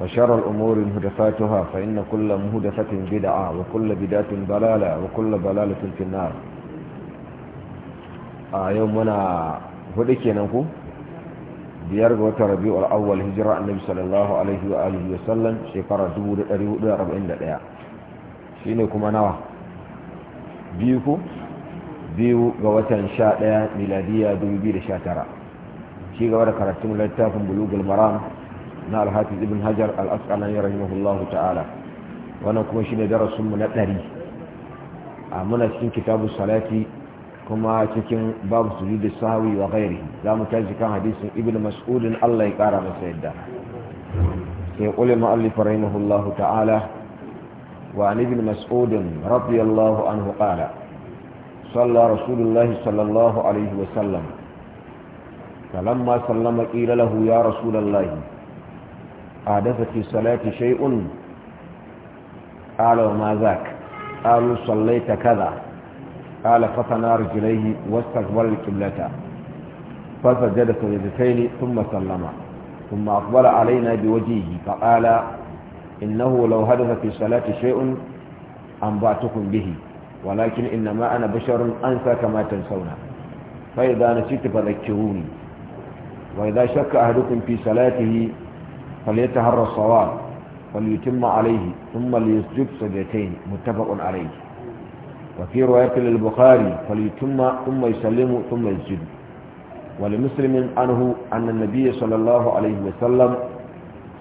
وشر الأمور مهدفاتها فإن كل مهدفة بدعة وكل بدعة ضلالة وكل ضلالة في النار يومنا هدكي ننكو biyar ga watan rabi'ul awwal hijira annabi sallallahu alaihi wa alihi wa sallam shekara 1441 shine kuma nawa biyu ku biyu ga watan 11 miladiya 2019 shi gaba da karatun littafin bulugul maram na alhafiz ibn hajar al-asqalani rahimahullahu ta'ala wannan kuma shi ne darasinmu na ɗari a muna cikin kitabu salati kuma cikin babu su da sahwi wa ghairi za mu tashi kan hadisin ibn mas'udin Allah ya kara masa yadda sai ulama alif rahimahullahu ta'ala wa an ibn mas'ud radiyallahu anhu qala صلى رسول sallallahu صلى الله عليه وسلم فلما سلم قيل له يا رسول الله adasa fi salati shay'un qala ma zak qalu sallaita kaza qala fatana rijlayhi wastaghfara ne fa sajada sajdataini thumma sallama thumma aqbala alayna biwajhihi fa qala innahu law hadatha fi salati shay'un amba'tukum bihi walakin innama ana basharun ansa kama tansawna fa idha nasitu fa dhakkiruni wa idha shakka a fi salatihi فليتهرى الصواب فليتم عليه ثم ليسجد سجدتين متفق عليه وفي رواية للبخاري فليتم ثم يسلم ثم يسجد ولمسلم عنه أن النبي صلى الله عليه وسلم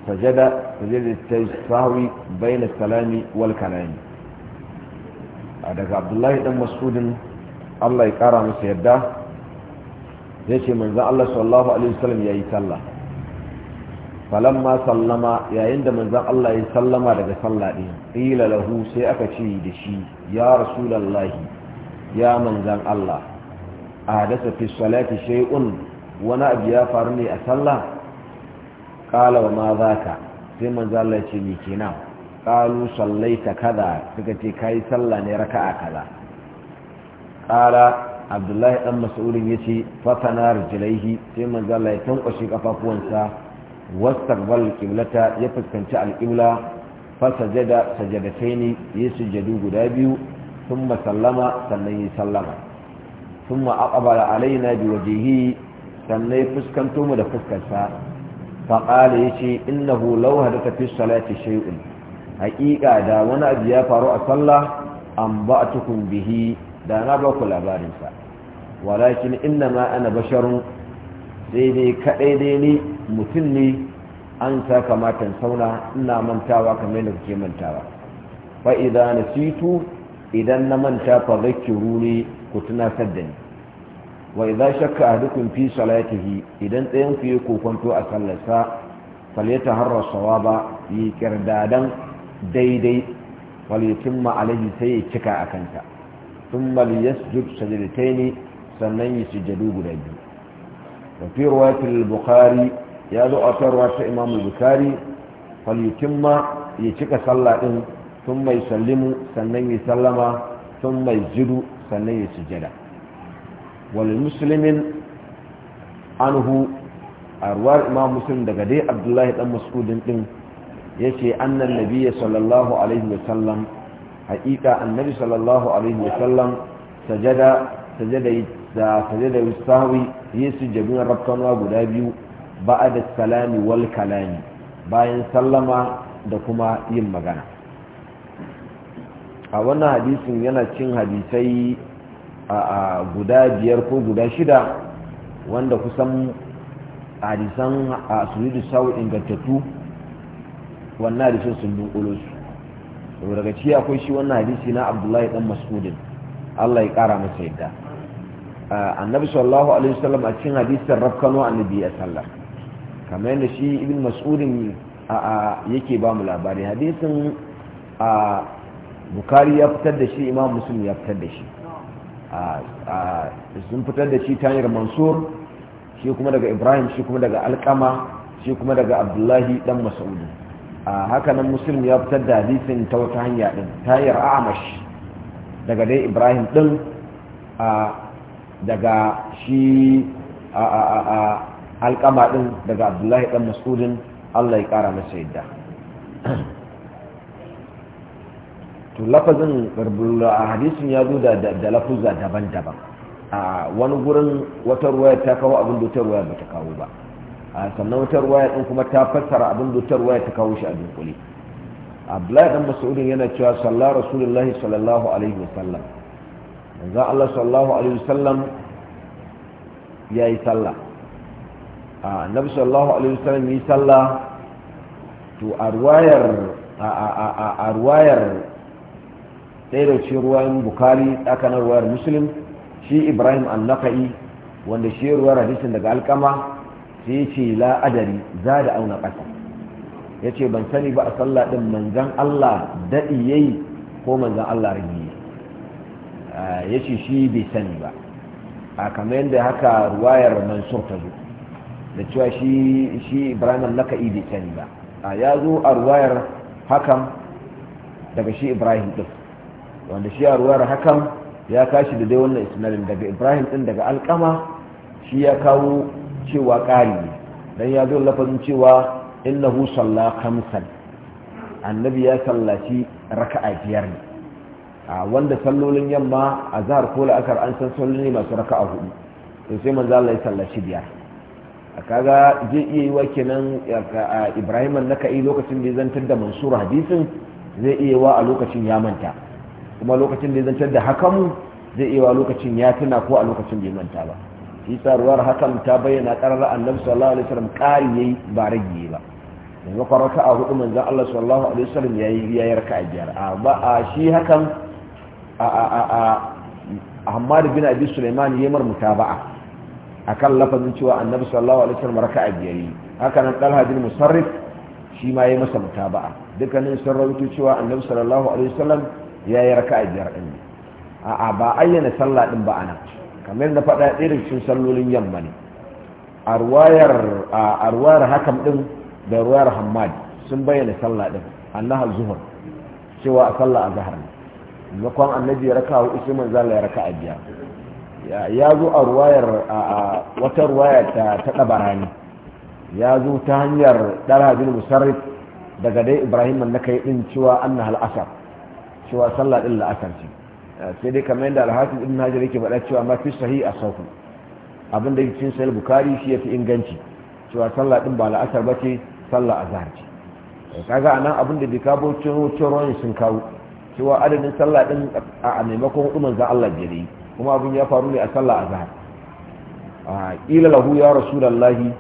سجد سجد التساهو بين السلام والكلام daga abdullahi dan masudin allah ya kara masa yadda ya ce manzan allah sallallahu alaihi wasallam ya yi sallah falamma sallama yayin da manzon Allah ya sallama daga sallah din qila lahu sai aka ce da shi ya rasulallahi ya manzan Allah ahdasa fi salati shay'un wani abu ya faru ne a sallah qala wa ma sai manzon Allah ya ce ni kenan sallai sallaita kada, suka ce yi sallah ne raka'a kaza qala Abdullahi Masaurin ya yace fatanar jilaihi sai manzan Allah ya tankwashe ƙafafuwansa. wastaqbal qiblata ya fuskanci alqibla fa sajada sajadataini ya sujudu guda biyu thumma sallama sannan ya sallama thumma aqbala alaina biwajhihi sannan ya fuskanto mu da fuskarsa fa qala yace innahu law ta fi salati shay'un haqiqa da wani abu ya faru a sallah an tukun bihi da na ba ku labarin sa walakin ma ana basharun daidai kaɗai dai ne mutum ne an sa kamatan sauna ina mantawa kamar da kuke mantawa fa na situ idan na manta fa ne ku tuna da ni wa idan shakka dukkan fi salatihi idan tsayan ku yi kokonto a sallarsa sawa ba yi kirdadan daidai walyatimma ma'alaji sai ya cika a kanta thumma liyasjud ne sannan yi sujadu guda biyu وفي رواية البخاري يادو أثر رواية إمام البخاري فليتم يشك صلى إن ثم يسلم سنن يسلم ثم يسجد سنن يسجد وللمسلم عنه أرواح إمام مسلم دقدي عبد الله بن مسعود yace annan nabiyyi sallallahu alaihi wasallam haƙiƙa annabi sallallahu alaihi wasallam sajada sajada da sajada sahwi yi sujjadun rabtanwa guda biyu ba da salami wal kalami bayan sallama da kuma yin magana a wannan hadisin yana cin hadisai a guda biyar ko guda shida wanda kusan hadisan a suridu sau ingantattu wannan hadisun sun dunkulo su daga ci akwai shi wannan hadisi na abdullahi dan mas'udin allah ya ƙara masa yadda annabi sallallahu alaihi wasallam a cikin hadisin rafkano annabi ya sallar. kamar yadda shi ibn mas'udin yake ba mu labari hadisin a bukari ya fitar da shi imam muslim ya fitar da shi sun fitar da shi ta hanyar mansur shi kuma daga ibrahim shi kuma daga alkama shi kuma daga abdullahi dan mas'udi haka nan muslim ya fitar da hadisin ta wata hanya din ta hanyar amash daga dai ibrahim din a daga shi alƙama ɗin daga abdullahi ɗan masudin allah ya ƙara masa yadda to lafazin hadisin ya zo da lafuzza daban-daban a wani gurin wata ruwaya ta kawo abin da wata ruwaya ba ta kawo ba sannan wata ruwaya ɗin kuma ta fassara abin da wata ruwaya ta kawo shi a dunkule abdullahi ɗan masudin yana cewa sallah rasulullahi sallallahu alaihi wasallam manzan Allah sallallahu alaihi wasallam ya yi sallah a ah, nabi sallallahu alaihi wasallam ya yi sallah to a ruwayar a ruwayar ɗaya da ce ruwan bukari tsakanin ruwayar musulun shi ibrahim annaka'i wanda shi ruwar hadisin daga alkama sai ya ce la'adari za da auna ƙasa ya ce ban sani ba a sallah ɗin manzan allah daɗi yayi ko manzan allah rigi ya ce shi bai sani ba a kamar yadda haka ruwayar mansur ta zo da cewa shi ibrahim laka'i bai sani ba a ya zo a ruwayar hakan daga shi ibrahim ɗin wanda shi a ruwayar hakan ya kashi da dai wannan isnalin daga ibrahim ɗin daga alkama shi ya kawo cewa ƙari ne don ya zo lafazin cewa innahu sallah kamsan annabi ya sallaci raka'a biyar ne wanda sallolin yamma a zahar ko la'akar an san ne masu raka a hudu to sai manzo Allah ya sallaci biyar a kaga zai iya yi wa kenan Ibrahim an yi lokacin da ya zantar da Mansur hadisin zai iya wa a lokacin ya manta kuma lokacin da ya zantar da hakan zai iya wa lokacin ya tuna ko a lokacin bai manta ba isa ruwar hakan ta bayyana karar annabi sallallahu alaihi wasallam kari yayi ba rage ba yanzu ka a hudu manzan Allah sallallahu alaihi wasallam yayi yayi a biyar a ba a shi hakan a bin abi sulaiman yamar mutaba'a akan lafazin cewa annabi sallallahu alaihi wasallam raka'a biyar haka nan bin musarrif shi ma yayi masa mutaba'a dukkanin sun rawaito cewa annabi sallallahu alaihi wasallam yayi raka'a biyar din a a ba ayyana sallah din ba anan kamar na faɗa irin cikin sallolin yamma ne Arwayar arwayar hakam din da ruwayar hammad sun bayyana sallah din annaha zuhur cewa sallah azhar ne makon annabi ya raka hudu sai manzo ya raka a biya ya zo a ruwayar wata ruwaya ta ta dabarani ya zo ta hanyar dalha bin musarrif daga dai ibrahim na kai ɗin cewa anna hal asar cewa sallah ɗin la'asar ce sai dai kamar yadda alhafiz ibn hajar yake faɗa cewa ma fi sahi a sauku abin da cikin sahih bukari shi yafi inganci cewa sallah ɗin ba la'asar ba ce sallah azhar ce kaga anan abin da bai kawo cin sun kawo cewa adadin sallah din a maimakon hudu manzan Allah biyar yi kuma abin ya faru ne a sallah a zahar a ƙila lahu ya rasulallahi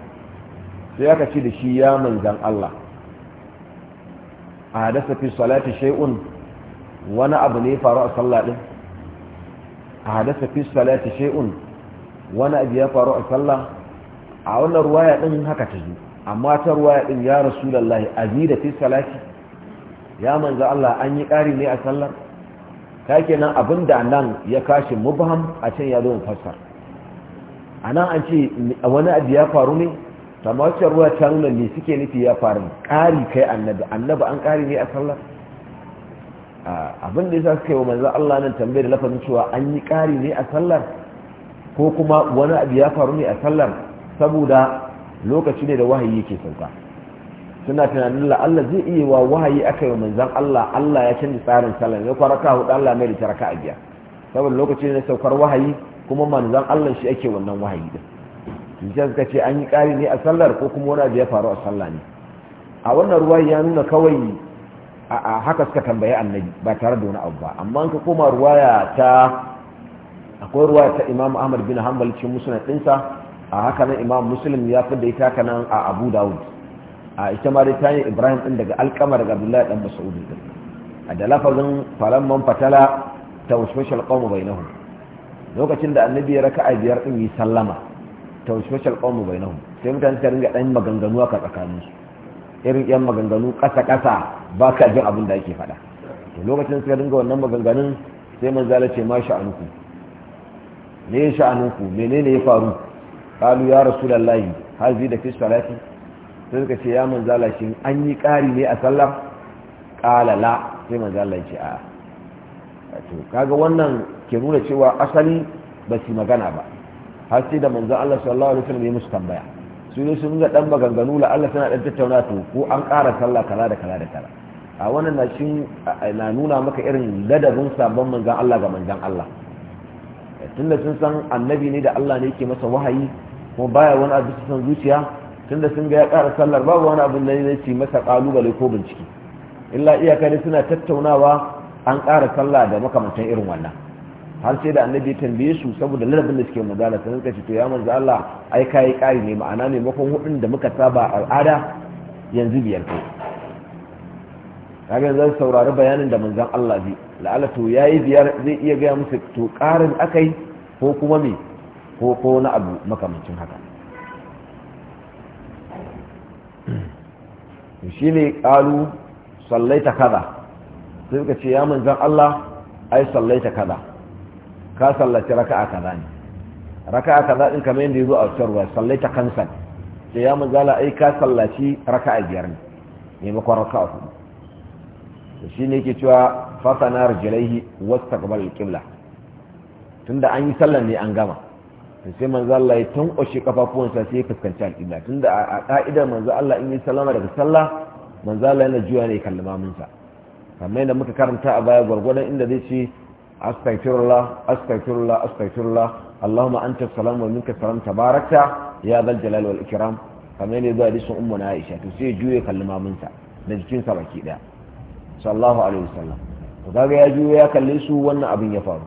sai aka ce da shi ya manzan Allah a hadasa fi salati shay'un wani abu ne faru a sallah din a hadasa fi salati shay'un wani abu ya faru a sallah a wannan ruwaya din haka ta zo amma ta ruwaya din ya rasu a azida fi salati ya manzo Allah an yi ƙari ne a sallar ta kenan abin da nan ya kashi mubham a can ya zo fassar a nan an ce wani abu ya faru ne tamashar ruwa ta nuna ne suke nufi ya faru ƙari kai annabi annabi an ƙari ne a sallar abin da ya sa wa manzo Allah nan tambaye da lafazin cewa an yi ƙari ne a sallar ko kuma wani abu ya faru ne a sallar saboda lokaci ne da wahayi yake sauka suna tunanin allah zai iya wa wahayi aka yi manzan Allah Allah ya canza tsarin sallah ya kwara ka hudu Allah mai da taraka a biya saboda lokaci ne saukar wahayi kuma manzan Allah shi ake wannan wahayi din jinjan suka ce an yi ƙari ne a sallar ko kuma wani abu ya faru a sallah ne a wannan ruwa ya nuna kawai a haka suka tambaye annabi ba tare da wani abu ba amma ka koma ruwaya ta akwai ruwaya ta imam ahmad bin hanbal cikin musulun ɗinsa a haka nan imam muslim ya fi da ita kanan a abu dawud a ita ma dai ta yi ibrahim din daga alkama daga abdullahi dan mas'ud din a da lafazin falan man fatala tawshwashal qawmu bainahum lokacin da annabi ya raka'a biyar din yi sallama tawshwashal qawmu bainahum sai mutane ta ringa dan maganganu aka tsakanin su irin yan maganganu kasa kasa ba ka jin abin da ake faɗa to lokacin suka dinga wannan maganganun sai manzala ce ma sha'anuku ne sha'anuku menene ya faru qalu ya rasulullahi hazi da fi salati sai suka ce ya manzala shi an yi ƙari ne a sallar ƙalala sai manzala shi a to kaga wannan ke nuna cewa asali ba su magana ba har sai da manzan Allah sallallahu alaihi wasallam ya musu tambaya su ne sun ga dan maganganu la Allah suna dan tattauna to ko an ƙara sallah kala da kala da kala a wannan na shi na nuna maka irin ladabin sabon manzan Allah ga manzan Allah tunda sun san annabi ne da Allah ne ke masa wahayi kuma baya wani abu san zuciya tunda sun ga ya ƙara sallar babu wani abin da zai ci masa ƙalubale ko bincike illa iyaka ne suna tattaunawa an ƙara sallah da makamantan irin wannan har sai da annabi tambaye su saboda ladabin da suke magana sai suka ce to ya manzo Allah ai kai kai ne ma'ana ne makon hudun da muka saba al'ada yanzu biyar ko kaga zai saurari bayanin da manzon Allah zai la'ala to yayi biyar zai iya ga musu to ƙarin akai ko kuma me ko ko na abu makamancin haka shi ne ƙalu ta kada sai suka ce ya manzan Allah ai sallaita kada ka sallaci a kada ne raka a kada ɗin kamar yadda ya zo a sarwa sallaita kansan sai ya Allah ai ka sallaci a biyar ne maimakon a hudu da shi ne ke cewa na rijilaihi wasu takbal qibla tunda an yi sallan ne an gama sai manzo Allah ya tankwashe kafafuwansa sai ya fuskanci alƙibla tunda a ƙa'idar manzo Allah in yi sallama daga sallah manzo Allah yana juya ne kalli maminsa kamar yadda muka karanta a baya gwargwadon inda zai ce astaghfirullah astaghfirullah astaghfirullah Allahumma anta salamu wa minka salam tabarakta ya zal jalal wal ikram kamar yadda zuwa hadisin ummu na Aisha to sai ya juya kalli maminsa da jikinsa baki daya sallallahu alaihi wasallam to kaga ya juya ya kalle su wannan abin ya faru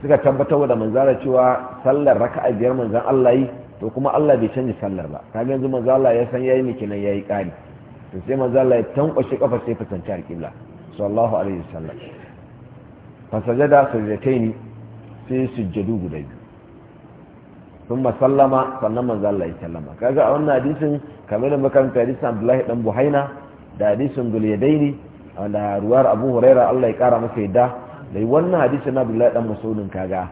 suka tabbatar da manzara cewa sallar raka a biyar manzan Allah yi to kuma Allah bai canji sallar ba ka yanzu manzan Allah ya san yayi miki nan yayi kari to sai manzan Allah ya tankwashe kafa sai fuskanci alƙibla sallallahu alaihi wasallam fa sajada sajdataini sai sujjadu guda biyu ثم sallama sannan manzo Allah ya sallama kaga a wannan hadisin kamar da makaranta hadisin Abdullahi dan Buhaina da hadisin a da ruwar Abu Huraira Allah ya kara masa yadda dai wannan hadisi na Abdullahi dan Mas'udin kaga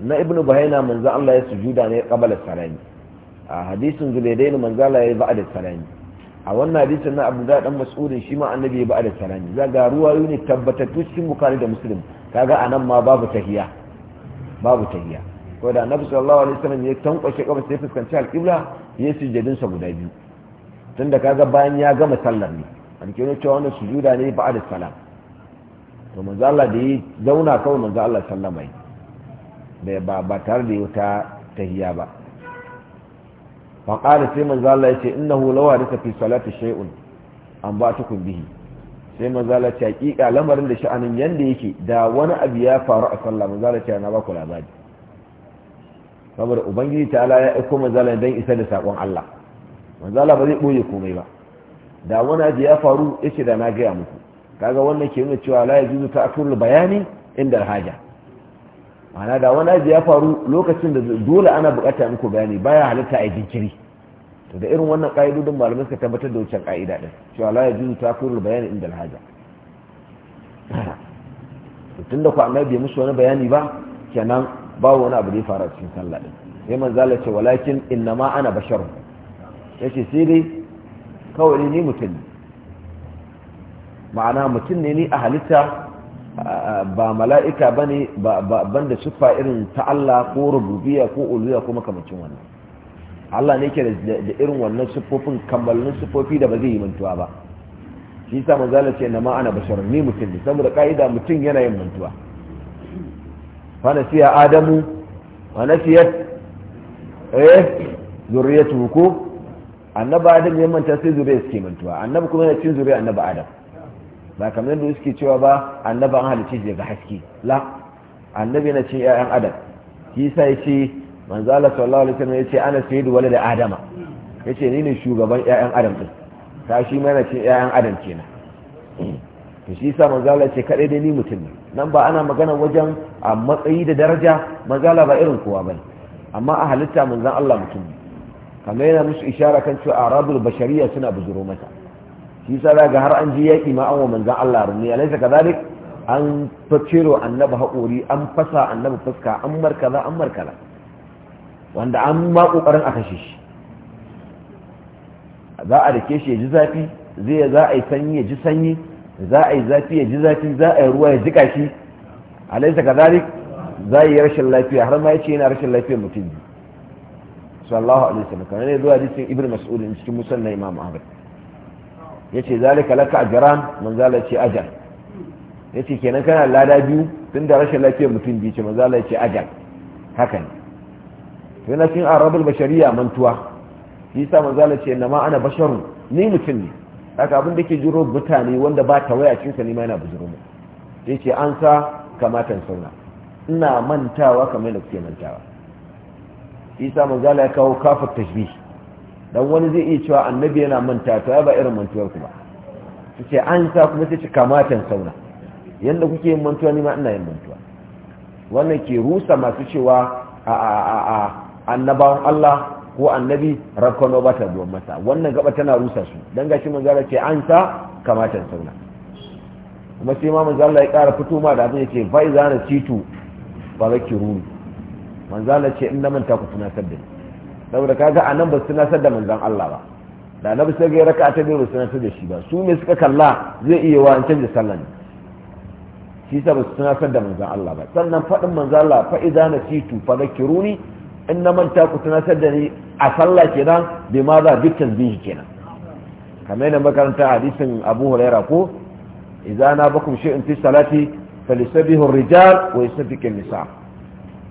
na Ibn Buhayna manzo Allah ya sujuda ne qabala salami a hadisin Zulaidain manzo Allah ya ba'da salami a wannan hadisin na Abdullahi dan Mas'udin shi ma annabi ya ba'da salami zaga ruwayo ne tabbatattu cikin Bukhari da Muslim kaga anan ma babu tahiyya babu tahiyya ko da annabi sallallahu alaihi wasallam ya tankwashe kafa sai fuskanci alqibla ya sujudin sa guda biyu tunda kaga bayan ya gama sallar ne an kiro cewa wannan sujuda ne ba'da salam to manzo Allah da ya zauna kawai manzo Allah sallama yi da ba ba tare da wata tahiya ba fa qala sai manzo Allah yace innahu law hadisa fi salati shay'un an ba ta kun bihi sai manzo Allah ya hakika lamarin da sha'anin yanda yake da wani abu ya faru a sallah manzo Allah ya na ba ku labari saboda ubangiji ta ala ya aiko manzo Allah dan isa da sakon Allah manzo Allah ba zai boye komai ba da wani abu ya faru yace da na ga muku kaga wannan ke nuna cewa la yajuzu ta'khirul bayani inda haja ma'ana da wani aji ya faru lokacin da dole ana bukata muku bayani baya halitta a jinkiri to da irin wannan ka'idodin malamai suka tabbatar da wancan ka'ida din cewa la yajuzu ta'khirul bayani inda haja tunda ku annabi musu wani bayani ba kenan ba wani abu da ya faru cikin sallah din sai manzala ce walakin innama ana basharun yace sai dai kawai ni mutum ma'ana mutum ne ni a halitta ba mala'ika ba ne ban da siffa irin ta Allah ko rububiya ko uluya ko makamacin wannan Allah ne ke da irin wannan siffofin kammallin siffofi da ba zai yi mantuwa ba shi sa manzala ce na ma'ana basharar ni mutum ne saboda ka'ida mutum yana yin mantuwa fana siya adamu fana siya eh zuriyatu ko annaba adam ya manta sai zuriya suke mantuwa annabi kuma yana cin zuriyar annaba adam ba kamar da suke cewa ba annabi an halice shi daga haske la annabi na ce ya'yan adam shi sa ce manzo Allah sallallahu alaihi wasallam ce ana sayyidu walad adama ce ni ne shugaban ya'yan adam din ta shi mai na ce ya'yan adam kenan to shi sa manzo Allah ce kadai dai ni mutum ne nan ba ana magana wajen a matsayi da daraja manzo Allah ba irin kowa bane amma a halitta manzo Allah mutum ne kamar yana musu ishara kan cewa arabul bashariya suna buzuro mata shi sa ga har an ji yaƙi ma an wa manzan Allah rumi alaisa kazalik an ciro annaba haƙori an fasa annaba fuska an markaza an markaza wanda an ma ƙoƙarin a kashe shi za a da shi ya ji zafi zai ya za a yi sanyi ya ji sanyi za a yi zafi ya ji zafi za a yi ruwa ya jika shi alaisa kazalik za a yi rashin lafiya har ma ya ce yana rashin lafiya mutum ji sallallahu alaihi wasallam kamar ne zuwa jikin ibn mas'ud cikin musan imam ahmad ya ce zalika laka a jiran, Allah ce ajal ya ce kenan kana lada biyu tun da rashin lafiya mutum biyu ce manzo Allah ce ajal haka ne to yana cin arabul bashariya mantuwa shi yasa manzo ce nama ana basharun ni mutum ne haka abin da ke jiro mutane wanda ba ta waya cinsa ne ma yana bujuro mu yace an sa kamatan sauna ina mantawa kamar da kuke mantawa isa manzala ya kawo kafar tashbih dan wani zai iya cewa annabi yana manta to ba irin mantuwar ku ba su ce an sa kuma sai ci kamatan sauna yanda kuke yin mantuwa ni ma ina yin mantuwa wannan ke rusa masu cewa a a a a annabawan Allah ko annabi rakkano ba ta zuwa masa wannan gaba tana rusa su dan gashi manzara ce an sa kamatan sauna kuma sai ma manzala ya kara fito ma da abin ya ce fa'iza na titu ba zaki ruru manzala ce in na manta ku tunatar da ni saboda kaga anan ba su nasar da manzon Allah ba da na bisa ya raka ta biyu su nasar da shi ba su ne suka kalla zai iya wa an canja sallah ne shi sa ba su nasar da manzon Allah ba sannan faɗin manzon Allah fa idza nasitu fa zakiruni in na manta ku tunasar da ni a sallah kenan bi ma za duk tanzihi kenan kamar yana makaranta hadisin Abu Hurairah ko idza na bakum shay'in fi salati falisabihu ar-rijal wa yusabbihu an-nisa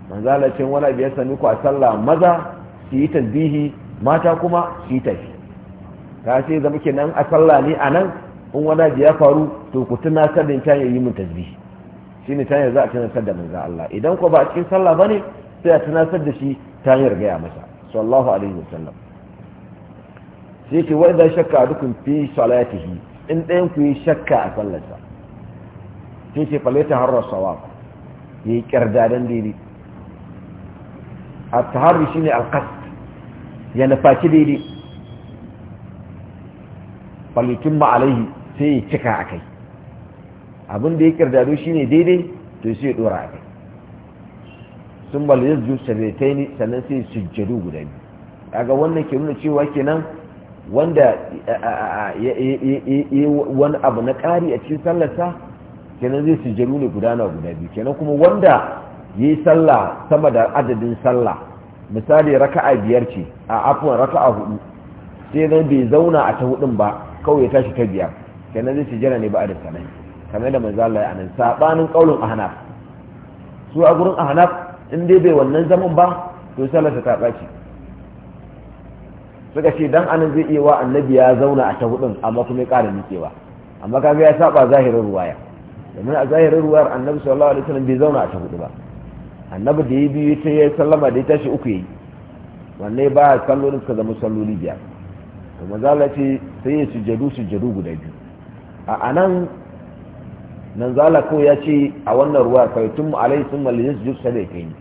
manzon wala bi yasani ku a sallah maza su yi tasbihi mata kuma su yi tafi ka sai zama kenan a sallah ne a nan in wani abu ya faru to ku sadin can ta yi mun tasbihi shine ta za a sadda min za Allah idan ko ba a cikin sallah ba ne sai a tuna sadda shi ta yi rigaya masa sallallahu alaihi wa sallam sai ke wai idan shakka a dukkan fi salatihi in ɗayan ku yi shakka a sallarsa sai ke falaita harar sawab ya yi ƙyardadan daidai a taharri shi ne alkas ya nufaci daidai falitin ma'alaihi sai ya cika a kai abin da ya kirdado shi ne daidai to sai ya dora a kai sun bala ya zuwa sabitai ne sannan sai su jadu guda biyu daga wannan ke nuna cewa kenan wanda ya wani abu na ƙari a cikin sallarsa kenan zai su sujjadu ne guda na guda biyu kenan kuma wanda ya yi sallah sama da adadin sallah misali raka'a biyar ce a afuwan raka'a hudu sai zai bai zauna a ta hudun ba kawai ya tashi ta biyar kenan zai jira ne ba a da sanai kamar da manzo Allah ya anan sabanin qaulun ahnaf su a gurin ahnaf in dai bai wannan zaman ba to sai ta ɓaci suka ce dan anan zai iya wa annabi ya zauna a ta hudun amma kuma ya kara nikewa amma kaga ya saba zahirin ruwaya domin a zahirin ruwayar annabi sallallahu alaihi wasallam bai zauna a ta hudu ba annabi da ya biyu ta ya sallama da ya tashi uku yi wanne ba a sallolin suka zama salloli biyar to manzala ce sai ya sujadu sujadu guda biyu a anan nan zala ko ya ce a wannan ruwa kai tun mu alai sun su sujud sai kai ni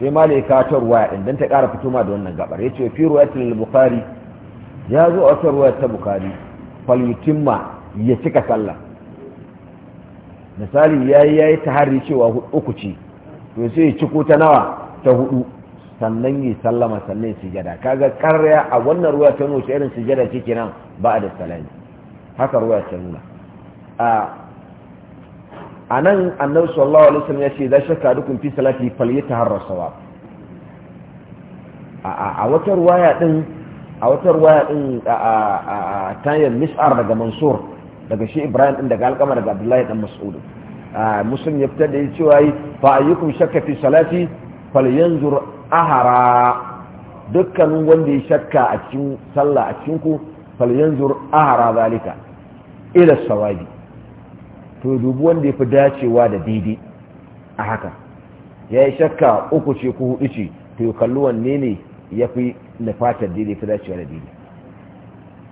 sai ma da ya kawo ta ruwa din dan ta kara fito ma da wannan gabar yace fi ruwayatul bukari ya zo a wata ruwa ta bukari fal yutimma ya cika sallah misali ya yi ta tahari cewa uku ce to sai ya ciko ta nawa ta hudu sannan yi sallama sannan sujada kaga karya a wannan ruwa ta nuna irin sujada ce kenan ba da salami haka ruwa ta nuna a anan annabi sallallahu alaihi wasallam ce da shakka dukun fi salati falyataharra sawab a wata ruwaya din a wata ruwaya din a tayyib mis'ar daga mansur daga shi ibrahim din daga alƙama daga abdullahi dan mas'ud A muslim ya fitar da ya cewa yi fa ayyukum shakka fi salati falyanzur ahara dukkanin wanda ya shakka a cikin sallah a cikin ku falyanzur ahara zalika ila sawabi to dubu wanda ya fi dacewa da daidai a haka ya yi shakka uku ce ku hudu ce to yi kalli wanne ne ya fi fatar daidai fi dacewa da daidai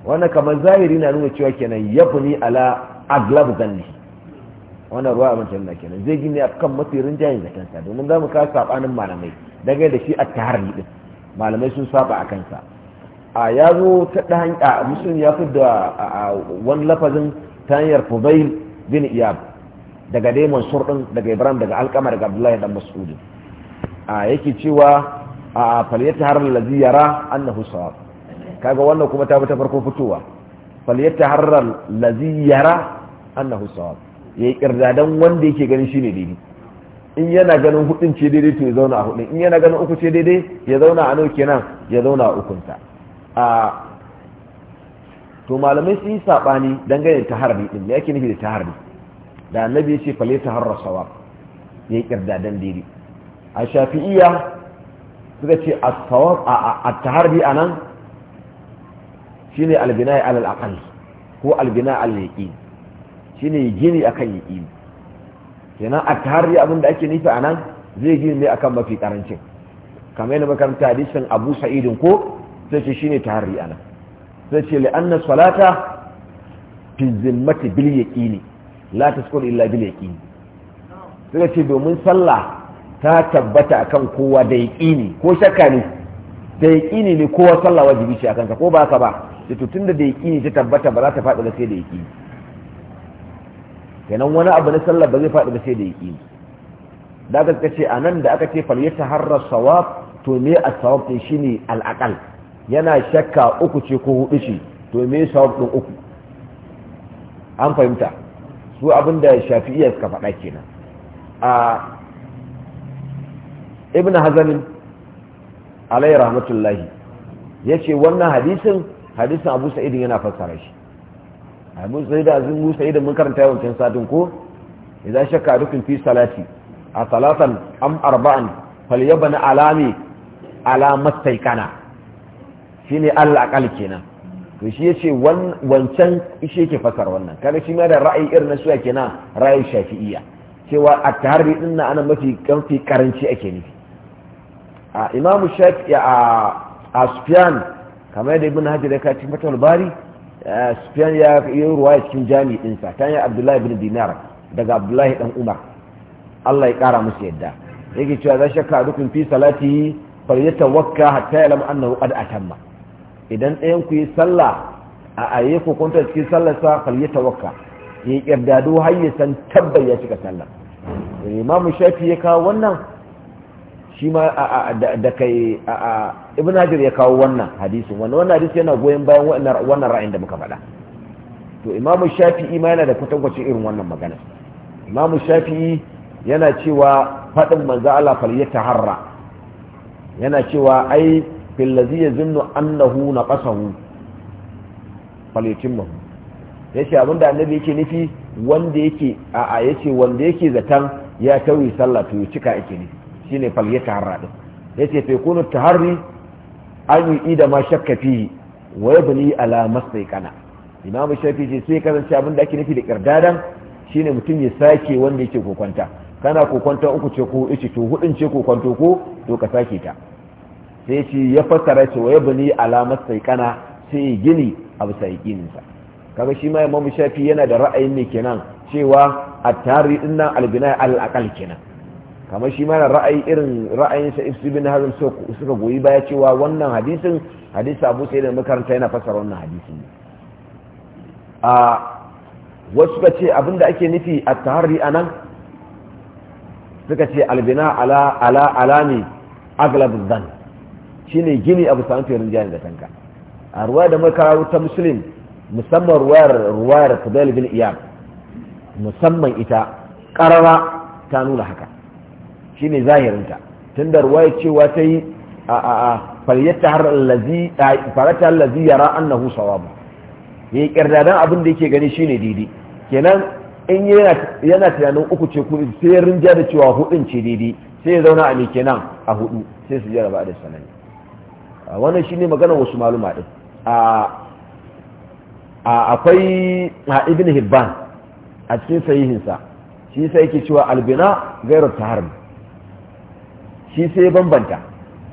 wannan kamar zahiri na nuna cewa kenan ya ni ala aglab zanni wannan ruwa abincin na kenan zai gini a kan mafi rinjayen da kansa domin za mu ka sabanin malamai daga da shi a tahari ɗin malamai sun saba a kansa a ya zo ta ɗan a musulun ya fi da wani lafazin ta hanyar fubail bin iyab daga dai mansur ɗin daga ibrahim daga alkama daga abdullahi dan mas'udi a yake cewa a faliyata har lalazi yara annahu sawab kaga wannan kuma ta fi ta farko fitowa faliyata har lalazi yara annahu sawab ya yi kirdadan wanda yake ganin shi ne daidai in yana ganin hudun ce daidai to ya zauna a hudun in yana ganin uku ce daidai ya zauna a nauke nan ya zauna a ukunta a to malamai sun yi saɓani dangane ta harbi din me ke nufi da ta harbi da annabi ya ce fale ta harra ya yi kirdadan daidai a shafi'iya suka ce a ta a nan shine albina alal aqal ko albina al yaqin shine gini akan yaqini kenan a tahari abin da ake nufi anan zai gini ne akan mafi karancin kamar yana makaranta hadisin Abu Sa'idin ko sai ce shine a anan sai ce li anna salata fi zimmati bil yaqini la tasqul illa bil yaqini sai ce domin sallah ta tabbata akan kowa da yaqini ko shakka ne da yaƙini ne kowa sallah wajibi ce a kansa ko ba ka ba da tutun da ne ta tabbata ba za ta faɗi da sai da ne. kenan wani abu na sallah ba zai faɗi ba sai da yaqini da aka a nan da aka ce fal yataharra sawab to me a sawab din shine al yana shakka uku ce ko huɗu ce to me sawab din uku an fahimta su abinda shafi'iyya suka faɗa kenan a ibn hazamin alai rahmatullahi ya ce wannan hadisin hadisin abu sa'idin yana fassara shi abin mun sai da azin musa idan mun karanta yawancin sadin ko idan shakka rukun fi salati a salatan am arba'an falyabana alami alamat taikana shine Allah akal kenan to shi yace wancan ishe ke fasar wannan kaga shi ma da ra'ayi irin na yake kenan ra'ayi shafi'iyya cewa a tahari din ana mafi kamfi karanci ake nufi a imamu shafi a a kamar yadda ibn hajar ya kaci Eh, sufyan ya yi ruwaya cikin jami ɗinsa ta yi abdullahi bin dinar daga abdullahi ɗan umar allah ya ƙara musu yadda yake cewa za shakka dukkan fi salati bari ya tawakka hatta ya lam annahu qad atamma idan ɗayan ku yi sallah a aye ko kwanta cikin sallarsa fal ya tawakka ya ƙirdadu har ya san ya cika sallah eh, imam shafi ya kawo wannan shi ma da kai ibn hajar ya kawo wannan hadisin wannan wannan hadisi yana goyon bayan wannan ra'ayin da muka faɗa to imamu shafi'i ma yana da kwatankwacin irin wannan magana imamu shafi'i yana cewa faɗin manzo Allah fal yataharra yana cewa ai fil ladhi yazunnu annahu naqasahu fal yatimmahu yace abinda annabi yake nufi wanda yake a yace wanda yake zatan ya tawi sallah to cika yake nufi Shi ne shine ta harra ya yace fa yakunu taharri an yi ida ma shakka fi wa alamar ala kana imamu shafi ce sai kasance abin da ake nufi da kirdadan ne mutum ya sake wanda yake kokonta kana kokonta uku ce ko ice to hudun ce kokonto ko to ka sake ta sai ce ya fassara ce wa yabni ala kana sai ya gini a sai gininsa kaga shi ma imamu shafi yana da ra'ayin ne kenan cewa a tarihin dinnan al-bina kenan kamar shi mana ra'ayi irin ra'ayin ra'ayinsa ibn harin suka goyi baya cewa wannan hadisin hadisi abu sai da makaranta yana fasara wannan hadisin a wasu suka ce abinda ake nufi a tahari a nan suka ce albina ala ala ala ne aglab zan shine gini abu samun jani da tanka a ruwa da makarawu ta musulun musamman ruwayar ruwayar fudail bin iyab musamman ita karara ta nuna haka Shi ne zahirinta tunda ruwaya cewa ta yi a a a falyatta har allazi farata allazi yara annahu ya yi kirdadan abin da yake gani shi ne daidai kenan in yana tunanin uku ce ku sai ya rinja da cewa hudun ce daidai sai ya zauna a me kenan a hudu sai su jaraba da sanani wannan shi ne magana wasu maluma din akwai a ibn hibban a cikin sahihinsa shi sai yake cewa albina gairar taharmi shi sai ya bambanta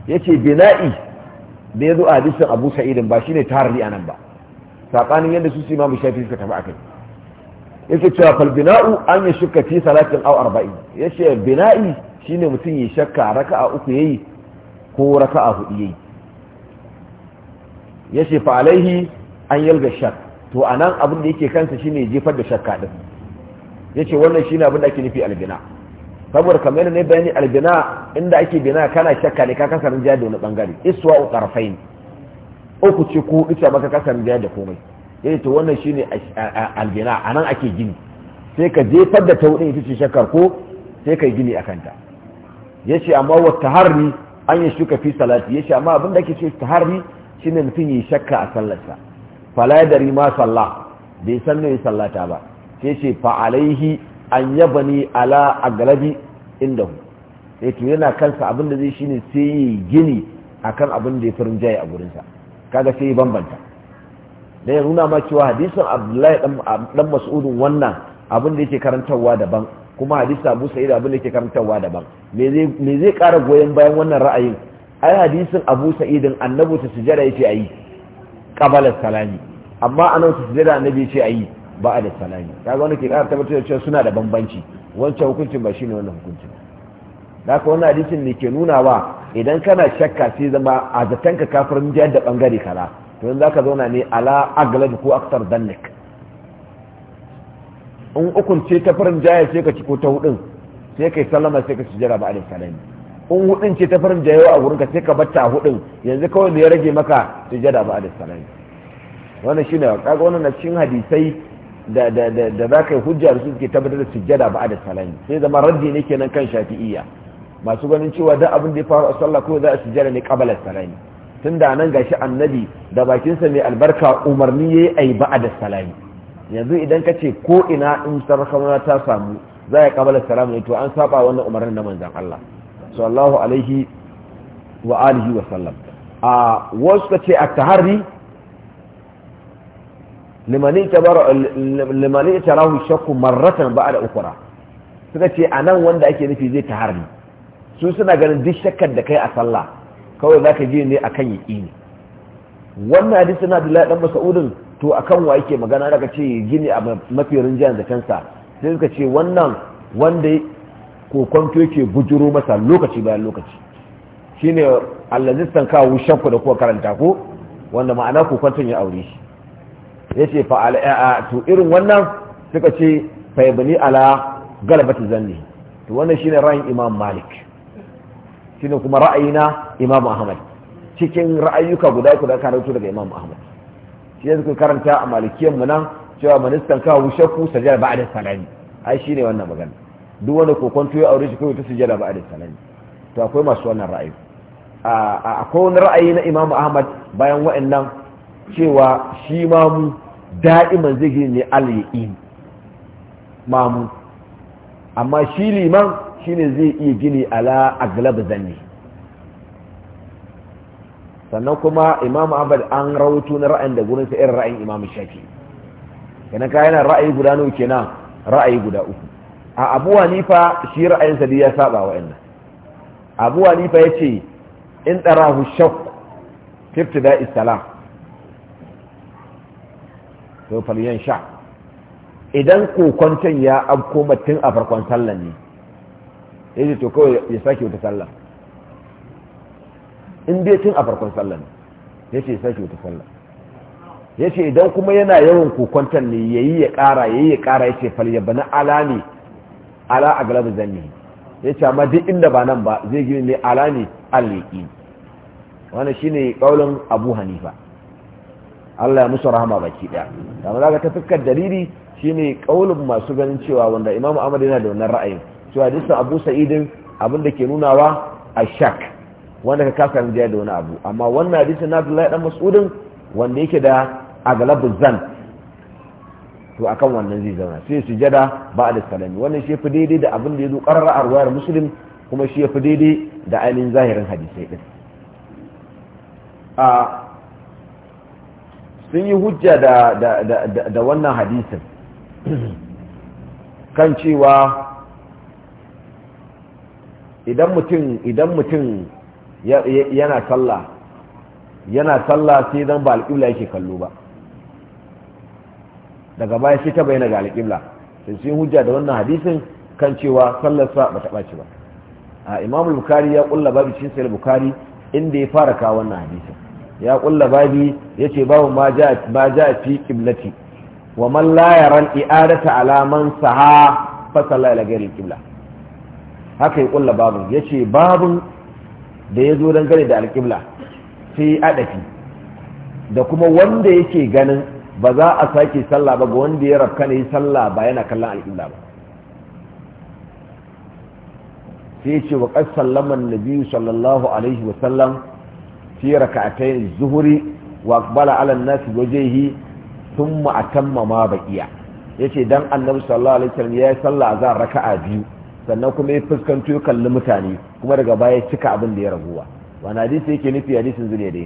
ya ce bina'i da ya zo a hadisin abu sa'idin ba shine tarari a nan ba saƙanin yadda su sima mu shafi suka tafi a kai ce cewa fal bina'u an yi shukka fi salatin au arba'in yace bina'i shine mutum ya shakka raka uku yayi ko raka a hudu yayi yace fa alaihi an yalga shak to a nan abin da yake kansa shine jefar da shakka ya yace wannan shi abin da ake nufi albina saboda kamar ne bayani albina inda ake bina kana shakka ne ka kasa rinjaya da wani bangare iswa u ne uku ce ko ita maka kasa rinjaya da komai yadda eh ta wannan shine albina nan ake gini sai ka je jefar da taudin ita ce shakkar ko sai ka yi gini a kanta ya ce amma wa taharri an yi shuka fi salati ce amma abin da ake ce taharri shine mutum yi shakka a sallarsa fala ma sallah bai san ne sallata ba sai ce fa alaihi an yaba ni ala a galabi inda sai eh, to yana kansa abin da zai shine sai yi gini kan abin da ya farin jaye a gurinsa kaga sai bambanta da ya nuna ma cewa hadisun abdullahi dan mas'udin wannan abin da yake karantarwa daban kuma hadisun abu sa'id abin da yake karantarwa daban me zai kara goyon bayan wannan ra'ayin ai hadisun abu sa'idin annabi ta sujada yace ayi qabala salami amma annabu ta sujada annabi yace ayi ba a da salami kaga wani ke ƙara tabbatar da cewa suna da bambanci wancan hukuncin ba shine wannan hukuncin da ka wannan hadisin ne ke nuna wa idan kana shakka sai zama a ka kafar jihar da bangare kaza to yanzu zaka zauna ne ala aglab ko aktar dannik in ukun ta farin jaya sai ka ci ko ta hudun sai kai sallama sai ka ci jira ba alaihi salami in hudun ce ta farin jaya a gurinka sai ka batta a hudun yanzu kawai da ya rage maka jira ba alaihi salami wannan shine kaga wannan na cikin hadisai da da za ka yi hujja da su suke tabbatar da sujjada ba da salami sai zama raddi ne kenan kan shafi'iyya masu ganin cewa da abin da ya faru a sallah ko za a sujjada ne kabala salami tun da nan gashi annabi da bakinsa mai albarka umarni yayi ai ba da salami yanzu idan ka ce ko ina in sarkamana ta samu za ya kabala salami ne to an saba wannan umarnin na manzan Allah sallallahu alaihi wa alihi wa sallam a wasu ka ce a tahari liman ita rahu shakku marratan ba da ukura suka ce a nan wanda ake nufi zai ta harbi su suna ganin duk shakkar da kai a sallah kawai za ka je ne a kan yaƙini wannan hadisi na dula dan masa'udin to a kan wa yake magana daga ce gini a mafi rinjiyar zakensa sai suka ce wannan wanda to yake bujuro masa lokaci bayan lokaci shine allazistan kawo shakku da kuwa karanta ko wanda ma'ana kokonton ya aure shi yace fa al'a to irin wannan suka ce fa yabni ala galabati zanni to wannan shine ra'ayin imam malik shine kuma ra'ayina imam ahmad cikin ra'ayuka guda uku da aka daga imam ahmad shi ne suka karanta a malikiyan mu nan cewa ministan kawo shakku sajada ba'da salami ai shine wannan magana duk wanda kokonto ya aure shi kai ta sujada ba'da salami to akwai masu wannan ra'ayi akwai wani ra'ayi na imam ahmad bayan wa'annan cewa shi ma mu da'iman zai gini ne al-yaqin mamu amma shi liman shine zai iya gini ala aglab zanni sannan kuma imam ahmad an rawuto na ra'ayin da gurin sa irin ra'ayin imam shafi kenan ka yana ra'ayi guda nawa kenan ra'ayi guda uku a abu hanifa shi ra'ayin sa ya saba inna abu hanifa yace in tarahu shakk fi ibtida'i salah to falyan sha idan kokwanton ya abko batun a farkon sallan ne yaji to kawai ya sake wata sallah in dai tun a farkon sallan ne yace ya sake wata sallah yace idan kuma yana yawan kokwanton ne yayi ya kara yayi ya kara yace falyan bana ala ne ala aglabu zanni yace amma duk inda ba nan ba zai gini ne ala ne al wannan shine kaulin Abu Hanifa Allah ya musu rahama baki daya kamar zaka ta fuskar dalili shine kaulin masu ganin cewa wanda Imam Ahmad yana da wannan ra'ayin cewa hadisin Abu Sa'idin abin da ke nunawa ashak wanda ka kasa rinjaya da wani abu amma wannan hadisin na Abdullahi dan Mas'udin wanda yake da aglabu zan to akan wannan zai zauna sai sujada ba da salami wannan shi fi daidai da abin da ya zo ƙarara a ruwayar muslim kuma shi ya fi daidai da ainihin zahirin hadisai din sun yi hujja da wannan hadisin kan cewa idan mutum idan mutum yana sallah yana sallah sai zan ba alƙibla yake kallo ba daga baya shi ta bayyana ga alƙibla sun yi hujja da wannan hadisin kan cewa sallarsa ba ta ɓaci ba a imamul bukari ya ƙulla babu cikin sayar bukari inda ya fara kawo wannan hadisin ya kulla babi yace babu ma ja ma ja fi kiblati wa man la yaran i'adata ala man saha fa salla ila ghairi kibla haka ya kulla ya yace babun da yazo gare da alkibla sai adafi da kuma wanda yake ganin ba za a sake sallah ba ga wanda ya rafka ne salla ba yana kallon alkibla ba sai ce wa qad sallama sallallahu alaihi wa sallam في ركعتين الظهر واقبل على الناس وجهه ثم اتم ما بقي yace dan annabi sallallahu alaihi wasallam ya salla azan raka'a biyu sannan kuma ya fuskanto ya kalli mutane kuma daga baya cika abin da ya raguwa wani hadisi yake nufi hadisin zuri da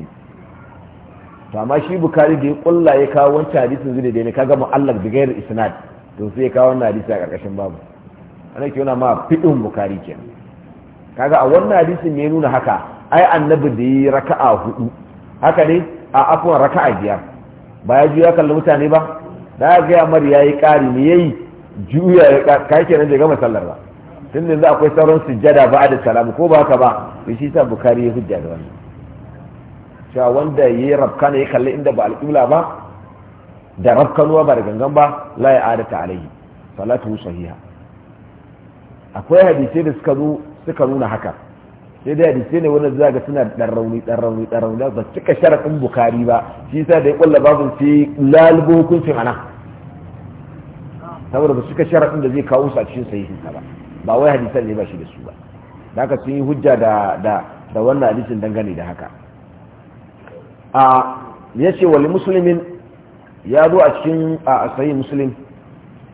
to amma shi bukari da ya kulla ya kawo wancan hadisin zuri da ne kaga mu'allaq bi ghairi isnad to sai ya kawo wannan hadisi a karkashin babu ana ke yana ma fidin bukari kenan kaga a wannan hadisin ne nuna haka ai annabi da yi raka'a hudu haka ne a afuwan raka'a biyar ba ya juya kallon mutane ba da ya ga mar ya yi ƙari ne ya yi juya ya kai kenan da gama sallar ba tun da yanzu akwai sauran sujjada ba da salam ko ba ka ba to shi sa bukari ya hujja da wannan cewa wanda ya yi rabka ne ya kalli inda ba alƙibla ba da rabkanuwa ba da gangan ba la ya adata alaihi salatu sahiha akwai hadisai da suka zo suka nuna haka sai da hadisi ne wannan za ga suna dan rauni dan rauni dan rauni ba cika sharafin bukari ba shi yasa da ya kulla babu sai lalbo hukuncin anan saboda ba cika sharafin da zai kawo su a cikin sahihin ba ba wai hadisan ne ba shi da su ba da haka sun yi hujja da da da wannan hadisin dangane da haka a ce wali muslimin ya zo a cikin a sahih muslim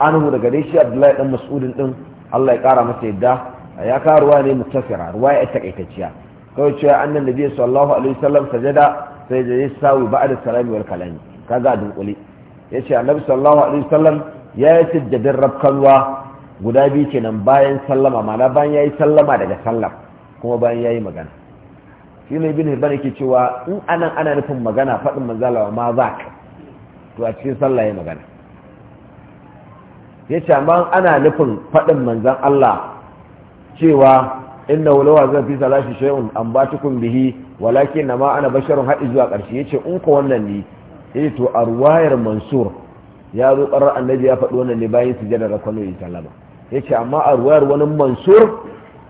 anhu daga dai shi Abdullahi dan Mas'udin din Allah ya kara masa yadda ya kawo ruwa ne mutafira ruwa ya takaitacciya kawai cewa annan nabi sallallahu alaihi wasallam sajada sai da ya sawi ba da salami wal kalami kaga a dunkule ya ce annabi allahu alaihi wasallam ya yi sujjadin rabkanwa guda biyu kenan bayan sallama mana bayan ya yi sallama daga sallam kuma bayan ya yi magana shi ne bin hibban yake cewa in anan ana nufin magana faɗin wa ma za ka to a cikin sallah ya magana ya ce amma ana nufin faɗin manzan Allah cewa inna wulawa zan fi salashi shay'un an ba tukun bihi walakin na ma ana basharun haɗi zuwa ƙarshe yace in ko wannan ne eh to a mansur ya zo ƙarar annabi ya faɗi wannan ne bayan sujada da kwallo yin sallama yace amma a wani mansur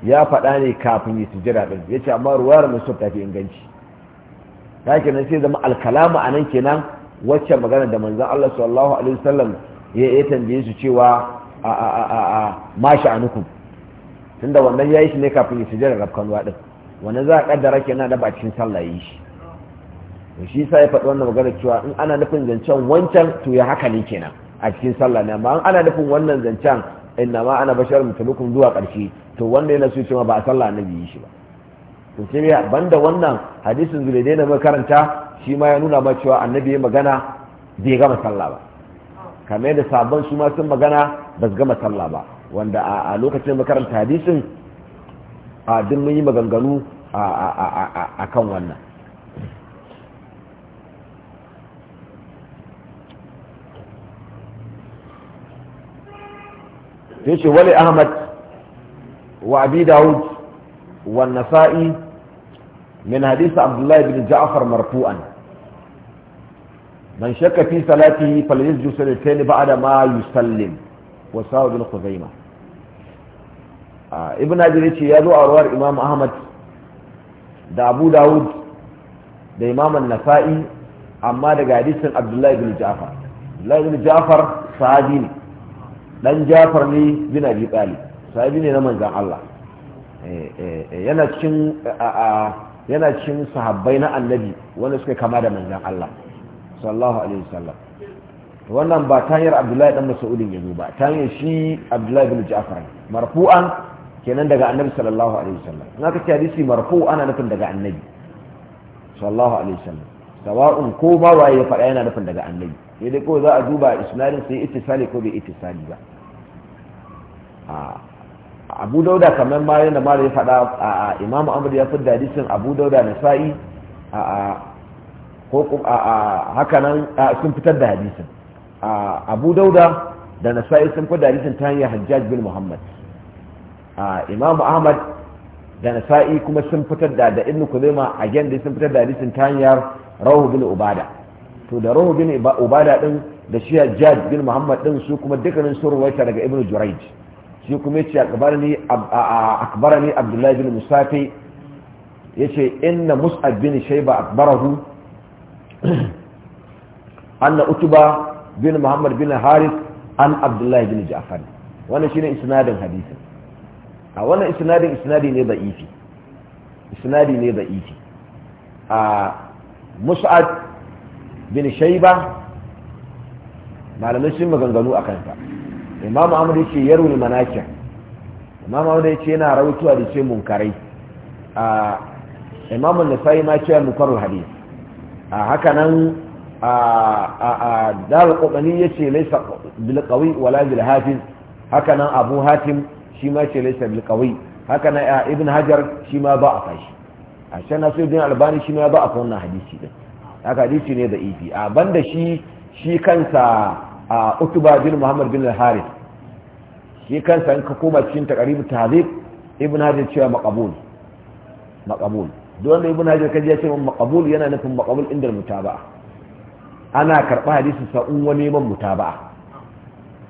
ya faɗa ne kafin yi sujada din yace amma ruwayar mansur ta fi inganci haka nan sai zama alkalama anan kenan wacce magana da manzon Allah sallallahu alaihi wasallam ya tambaye su cewa a a a a ma sha'anukum tunda wannan ya yi shi ne kafin ya sujjada rafkanuwa din wannan za a kaddara kenan da bakin sallah yi shi to shi sa ya faɗi wannan magana cewa in ana nufin zancen wancan to ya haka ne kenan a cikin sallah ne amma ana nufin wannan zancen inna ma ana bashar mutulukum zuwa ƙarshe to wanda yana so cewa ba a sallah annabi yi shi ba to sai ya banda wannan hadisin dai na makaranta shi ma ya nuna ma cewa annabi ya magana bai gama sallah ba kamar yadda sabon su ma sun magana ba su gama sallah ba wanda a lokacin makaranta hadisin a din mun yi maganganu a kan wannan yace wali ahmad wa abi daud wa nasa'i min hadisi abdullahi bin ja'far marfu'an man shakka fi salatihi falyajlis salatayn ba'da ma yusallim wa sa'ad bin khuzaima ah, ibn ajir yace ya zo a ruwar imam ahmad da abu dawud da imam an-nasa'i amma daga hadisin abdullahi bin ja'far abdullahi bin ja'far sahabi ne dan ja'far ne bin abi talib sahabi ne na manzan Allah eh, eh, eh, yana cikin yana sahabbai na annabi wanda suka kama da manzan Allah sallallahu alaihi wasallam wannan ba ta hanyar abdullahi dan mas'udin yazo ba ta hanyar shi abdullahi bin ja'far marfu'an kenan daga annabi sallallahu alaihi wasallam na kace hadisi marfu ana nufin daga annabi sallallahu alaihi wasallam sawa'un ko ba waye ya faɗa yana nufin daga annabi sai dai ko za a duba isnadin sai ittisali ko bai ittisali ba abu dauda kamar ma yana ma ya faɗa a imamu amr ya fi hadisin abu dauda na sa'i a ko a haka nan sun fitar da hadisin abu dauda da nasa'i sun fi hadisin ta hanyar hajjaj bin muhammad imamu ahmad da nasa'i kuma sun fitar da da ibnu kuzaima a gyan sun fitar da hadisin ta hanyar rahu bin ubada to da rahu bin ubada din da shi hajjaj bin muhammad din su kuma dukkanin sun ruwaita daga ibnu juraij shi kuma yace akbarani akbarani abdullahi bin musafi yace inna mus'ab bin shayba akbarahu anna utuba bin muhammad bin haris an abdullahi bin ja'far wannan shine isnadin hadisin a wannan isnadin isnadi ne ifi. isnadi ne ifi a mus'ad bin shayba malamin sun maganganu a kanta imam ahmad yace yaro ne manakiya imam ahmad yace yana rawutuwa da ce munkarai a imam an-nasai ma ce munkarul hadith a haka nan a dar kokani ya laysa bil qawi wala bilhatin hafiz haka nan abu hatim shi ma yace laysa bil haka nan ibn hajar shi ma ba a fashi a shan nasiruddin albani shi ma ba a wannan hadisi din haka hadisi ne da ifi a banda shi shi kansa a utuba bin muhammad bin al-harith shi kansa in ka koma cikin taqribu tahzib ibn hajar cewa maqbul maqbul don ibn hajar kaje ya ce maqbul yana nufin maqbul inda mutaba'a ana karɓa hadisi sa in wani neman mutaba'a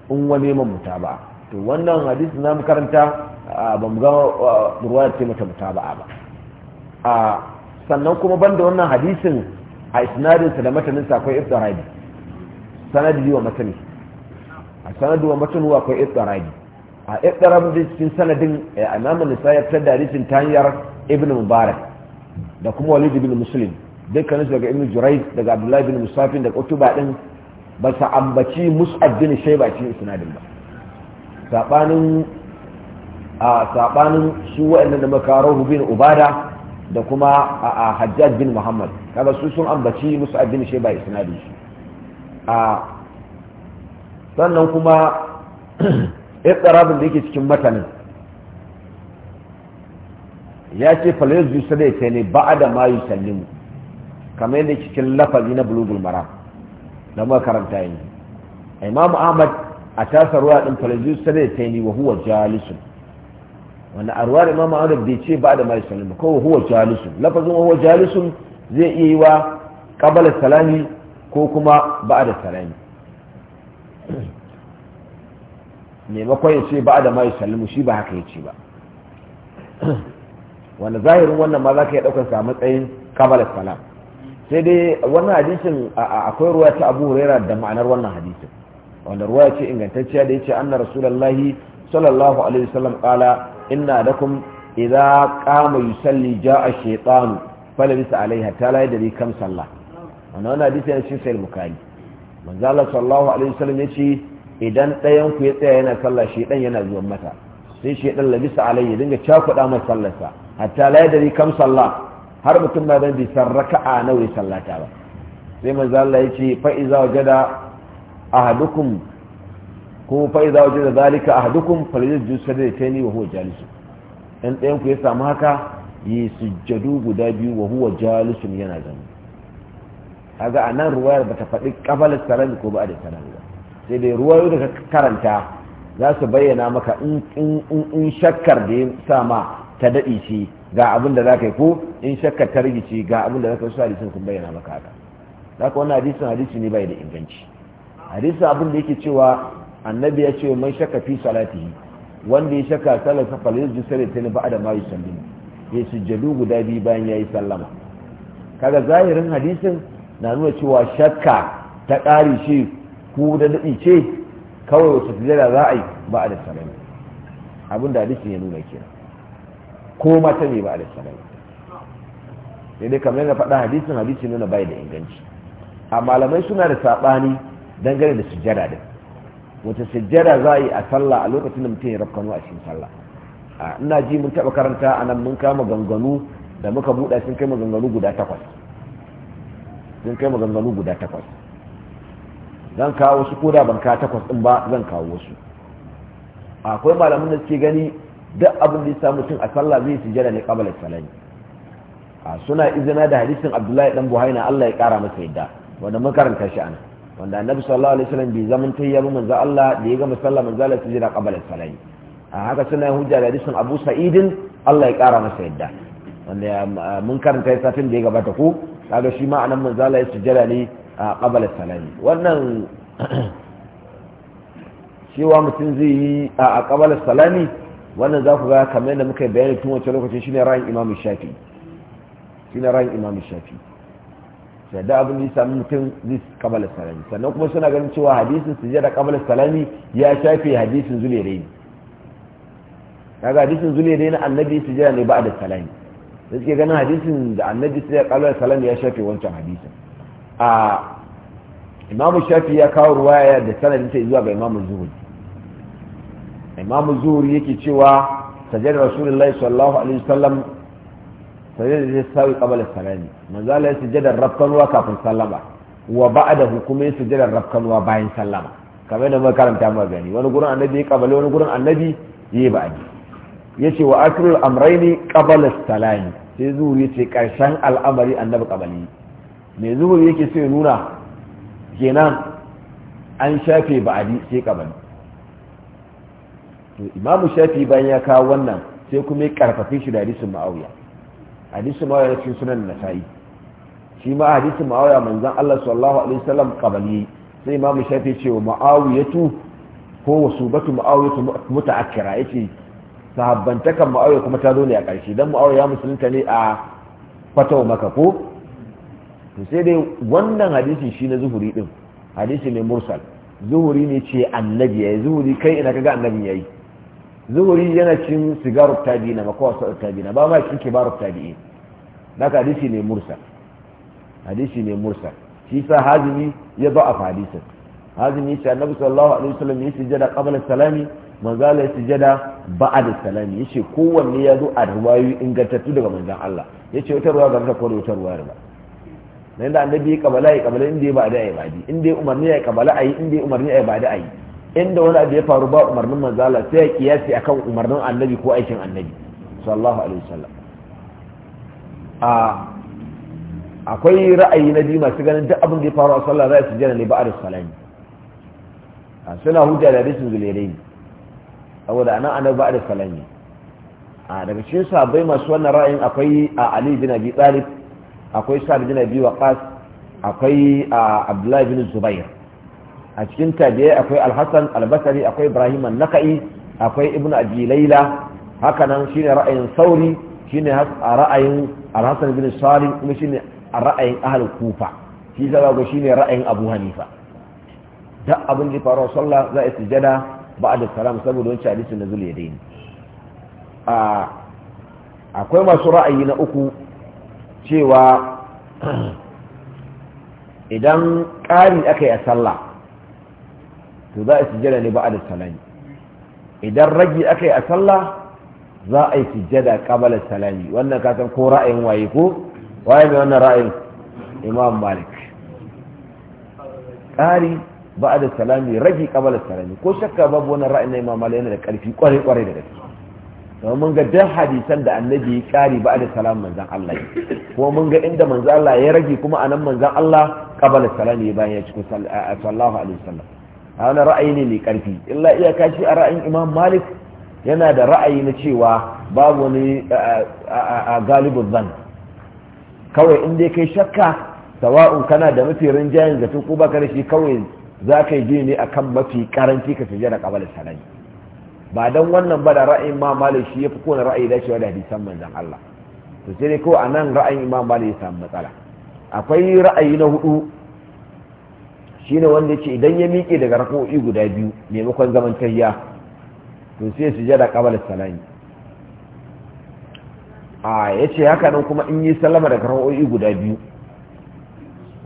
in wani neman mutaba'a to wannan hadisi na makaranta ba mu ga ruwaya ce mata mutaba'a ba a sannan kuma banda wannan hadisin a isnadinsa da matanin sa akwai iftirabi sanadi wa matani a sanadi wa matani akwai iftirabi a iftirabi cikin sanadin eh, a nisa ya fitar da hadisin ta hanyar ibn mubarak da kuma walid ibn muslim su daga ibn jurayd daga abdullahi bin musafin daga utuba din ba sa ambaci mus'ab bin shayba cikin isnadin ba sabanin a sabanin su wa'annan da makarahu bin ubada da kuma a hajjaj bin muhammad kaga su sun ambaci mus'ab bin shayba isnadin shi a sannan kuma ibtarabin da yake cikin matanin ya ce falayyar zuwa da ya ce ne ba da ma yi sallimu kamar yadda cikin lafazi na bulugul mara. da muka karanta yanzu imam ahmad a tasa ruwa din falazi sai da taini wa huwa jalisun wanda a ruwa imam ahmad bai ce ba da mai salim ko huwa jalisun lafazin huwa jalisun zai iya yi wa qabala salami ko kuma da salami maimakon ya ce ba da mai salim shi ba haka ya ce ba wanda zahirin wannan ma za ka yi ɗaukar sa matsayin kabalar salam sai dai wannan hadisin akwai ruwa ta abu huraira da ma'anar wannan hadisin wanda ruwa ce ingantacciya da yace anna rasulullahi sallallahu alaihi wasallam qala inna lakum idza qama yusalli jaa shaytan falabisa alaiha ta la yadri kam salla wannan wannan hadisi ne cikin sahih bukhari manzo Allah sallallahu alaihi wasallam yace idan dayan ku ya tsaya yana sallah shaytan yana zuwa mata sai shaytan labisa alaihi dinga cakuda masa sallarsa hatta la yadri kam salla har mutum ma zan bai san raka'a nawa ya sallata ba sai manzo Allah ya ce fa iza wajada ahadukum ko fa iza wajada zalika ahadukum falyajud tani wa huwa jalis dan ɗayan ku ya samu haka yi sujjadu guda biyu wa huwa jalis yana zama kaga a nan ruwayar bata faɗi ƙabalar salami ko ba da salami ba sai dai ruwayoyi da karanta za su bayyana maka in shakkar da ya sa ma ta daɗi shi ga abin da zaka yi ko in shakka ta rigici ga abin da zaka yi su hadisin sun bayyana maka haka zaka wannan hadisin hadisi ne bai da inganci hadisin abin da yake cewa annabi ya ce man shakka fi salatihi wanda ya shakka salar sa falil sare ta ba da mayu sallimu ya sujjadu guda biyu bayan ya yi sallama kaga zahirin hadisin na nuna cewa shakka ta ƙari shi ku da daɗi ce kawai wata sujjada za a yi ba da salama abin da hadisin ya nuna kenan ko mata ne ba alaihissalam sai dai kamar yana faɗa hadisin hadisi nuna bai da inganci a malamai suna da saɓani dangane da sujjada din wata sujjada za a yi a sallah a lokacin da mutum ya rafkanu a cikin sallah a ina ji mun taɓa karanta a nan mun kama ganganu da muka buɗa sun kai maganganu guda takwas sun kai maganganu guda takwas zan kawo su ko da ban ka takwas ɗin ba zan kawo wasu akwai malamin da suke gani duk abin da ya samu mutum a sallah zai su jira ne kabala salami a suna izina da hadisin Abdullahi dan na Allah ya kara masa yadda wanda mun karanta shi ana wanda Annabi sallallahu alaihi wasallam bai zaman tayya ba manzo Allah da ya ga sallah manzo Allah jira kabala salami a haka suna hujja da hadisin Abu Sa'idin Allah ya kara masa yadda wanda mun karanta satin da ya gabata ko kaga shi ma anan manzo Allah ya jira ne a qabala salami wannan cewa mutum zai yi a kabala salami wannan za ku ga kamar yadda muka yi bayani tun wancan lokacin shine ra'ayin imamu shafi shine ra'ayin imamu shafi sai da abin da sami mutum zai kabbalar salami sannan kuma suna ganin cewa hadisin su da kabbalar salami ya shafe hadisin zule dai kaga hadisin zule na annabi su ne ba da salami da suke ganin hadisin da annabi su da kabbalar salami ya shafe wancan hadisin a imamu shafi ya kawo ruwaya da sanadin ta zuwa ga imamu zuhuri imamu zuhuri yake cewa sajada rasulullahi sallallahu alaihi wasallam sajada da sai qabala salami manzo Allah ya da rakkanwa kafin sallama wa ba'dahu hukumai ya da rakkanwa bayan sallama kamar da muka karanta mu gani wani gurin annabi ya kabale wani gurin annabi ya yi ba'adi ya ce wa akrul amrayni qabala salami sai ya ce karshen al'amari annabi kabali me zuhuri yake so ya nuna kenan an shafe ba'adi sai kabali to imamu shafi bayan ya kawo wannan sai kuma ya karfafe shi da hadisin ma'auya hadisin ma'auya na ce sunan nasa'i shi ma hadisin ma'auya manzan Allah sallallahu alaihi wasallam kabali sai imamu shafi ce wa tu ko wasubatu ma'awiyatu muta'akkira yace sahabbantakan ma'auya kuma ta zo ne a karshe dan ma'auya ya musulunta ne a fatawa maka ko to sai dai wannan hadisin shi na zuhuri din hadisi ne mursal zuhuri ne ce annabi yayi zuhuri kai ina kaga annabi yayi zuhuri yana cin sigarar tabi'ina ba kowa sa'ar tabi'ina ba ma cin kibarar tabi'in ka hadisi ne mursa hadisi ne mursa shi sa hazimi ya ba a hadisin hazimi shi annabi sallallahu alaihi wasallam ya sujada qabla salami manzo Allah ya sujada ba'da salami yace kowanne ya zo a ruwayu ingantattu daga manzon Allah yace wata ruwa ga ko wata ruwa ba dan da annabi ya kabala ya kabala inda ya ba da ya badi inda ya umarni ya kabala ayi inda ya umarni ya a ayi inda wani abu ya faru ba umarnin manzala sai ya kiyasi akan umarnin annabi ko aikin annabi sallallahu alaihi wasallam a akwai ra'ayi na biyu masu ganin duk abin da ya faru a sallah za su jira ne ba a salami suna hujja da hadisin zulere ne saboda anan annabi ba a salami a daga cikin sabai masu wannan ra'ayin akwai a ali bin abi talib akwai sa'ad bin abi waqas akwai a abdullahi bin zubair a cikin tabi'ai akwai alhassan albasari akwai ibrahim naka'i akwai ibn abi laila hakanan shine ra'ayin sauri shine ra'ayin alhassan bin salim kuma shine ra'ayin ahlul kufa shi zaba shine ra'ayin abu hanifa da abin da faruwa sallah za a sujada ba da salam saboda wancan hadisin na ya daini akwai masu ra'ayi na uku cewa idan ƙari aka yi a sallah to za a sujjada ne ba'da salami idan ragi aka yi a sallah za a yi sujjada qabala salami wannan ka san ko ra'ayin waye ko waye mai wannan ra'ayin imam malik ƙari ba'da salami ragi qabala salami ko shakka babu wannan ra'ayin na imam malik yana da ƙarfi kwarai kwarai da gaske Kuma mun ga duk hadisan da annabi ya ƙari ba'da salam manzon Allah Kuma mun ga inda manzon Allah ya rage kuma anan manzon Allah qabala salami bayan ya ci sallallahu alaihi wasallam a wani ra'ayi ne mai ƙarfi illa iya kashi a ra'ayin imam malik yana da ra'ayi na cewa babu wani a galibin zan kawai inda dai kai shakka sawa'un kana da mafi rinjayen zafin ko baka da shi kawai za ka yi ne a kan mafi karanci ka jira kabalin sanani ba don wannan ba da ra'ayin imam malik shi ya fi kowane ra'ayi dacewa da hadisan manzan allah to sai dai kawai a nan ra'ayin imam malik ya samu matsala akwai ra'ayi na hudu shine wanda yace idan ya miƙe daga rak'o'i guda biyu maimakon zaman tayya to sai jada qabala salami a yace haka nan kuma in yi sallama daga rak'o'i guda biyu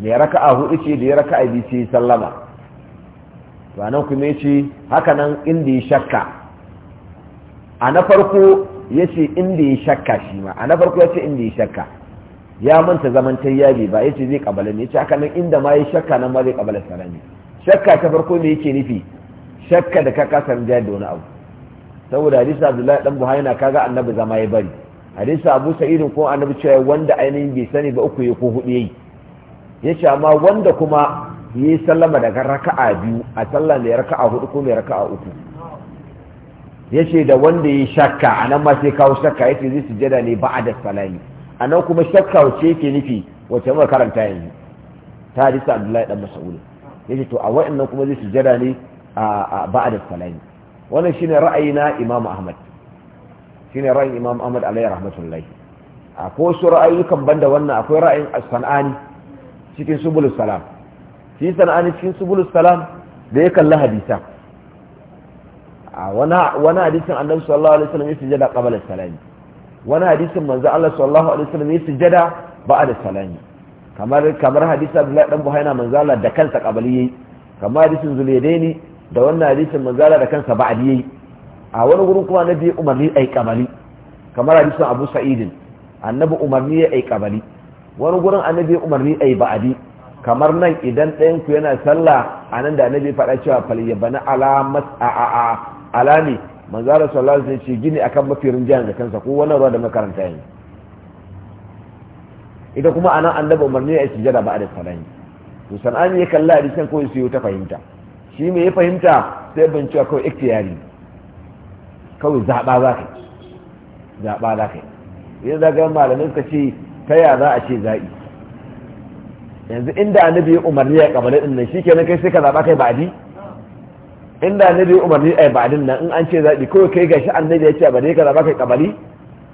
mai raka'a hudu ce da ya raka'a biyu sai sallama to anan kuma yace haka nan inda ya shakka a na farko yace inda ya shakka shi ma a na farko yace inda ya shakka ya manta zaman tayyabi ba yace zai kabala ne yace haka nan inda ma ya shakka nan ma zai kabala salami shakka ta farko me yake nufi shakka da ka kasa rinjayar da wani abu saboda hadisi abdullahi dan buhari na kaga annabi zama ya bari hadisi abu sa'idin ko annabi cewa wanda ainihin bai sani ba uku ya ko hudu yayi yace amma wanda kuma yi sallama daga raka'a biyu a sallah da raka'a hudu ko mai raka'a uku yace da wanda yi shakka anan ma sai kawo shakka yace zai sujada ne ba'a da salami a nan kuma shakka wacce yake nufi wacce muka karanta yanzu ta hadisa abdullahi dan mas'ud ce to a wa'annan kuma zai sujada ne a ba'da salami wannan shine ra'ayi na imam ahmad shine ra'ayin imam ahmad alayhi rahmatullahi akwai su ra'ayukan banda wannan akwai ra'ayin as-sanani cikin subulus salam shi sanani cikin subulus salam da ya kalla hadisa a wani hadisin annabi sallallahu alaihi wasallam ya sujada qabla salami wani hadisin manzo Allah sallallahu alaihi wasallam ya sujada ba'da salami kamar kamar hadisin Abdullah dan Buhaina manzo Allah da kansa kabali yayi kamar hadisin Zulaydaini da wannan hadisin manzo Allah da kansa ba'di yayi a wani gurin kuma nabi umarni ai kabali kamar hadisin Abu Sa'id annabi umarni ya ai kabali wani gurin annabi umarni ai ba'di kamar nan idan ɗayan ku yana sallah anan da annabi faɗa cewa fal yabana ala mas a a alami manzara sallallahu alaihi ce gini akan mafi da kansa ko wannan ruwa da makaranta yanzu idan kuma anan annabi umarni ya sujada ba da salani to sanani ya kalla hadisan ko sai ta fahimta shi me ya fahimta sai ban cewa kawai ikhtiyari kawai zaba za kai zaba za ka yanzu daga malamin ka ce ta ya za a ce za'i yanzu inda annabi ya umarni ya kabale din nan shikenan kai sai ka zaba kai ba'adi inda annabi ya umarni a ibadin nan in an ce zaɓi ko kai shi annabi ya ce ba dai ka ba kai kabari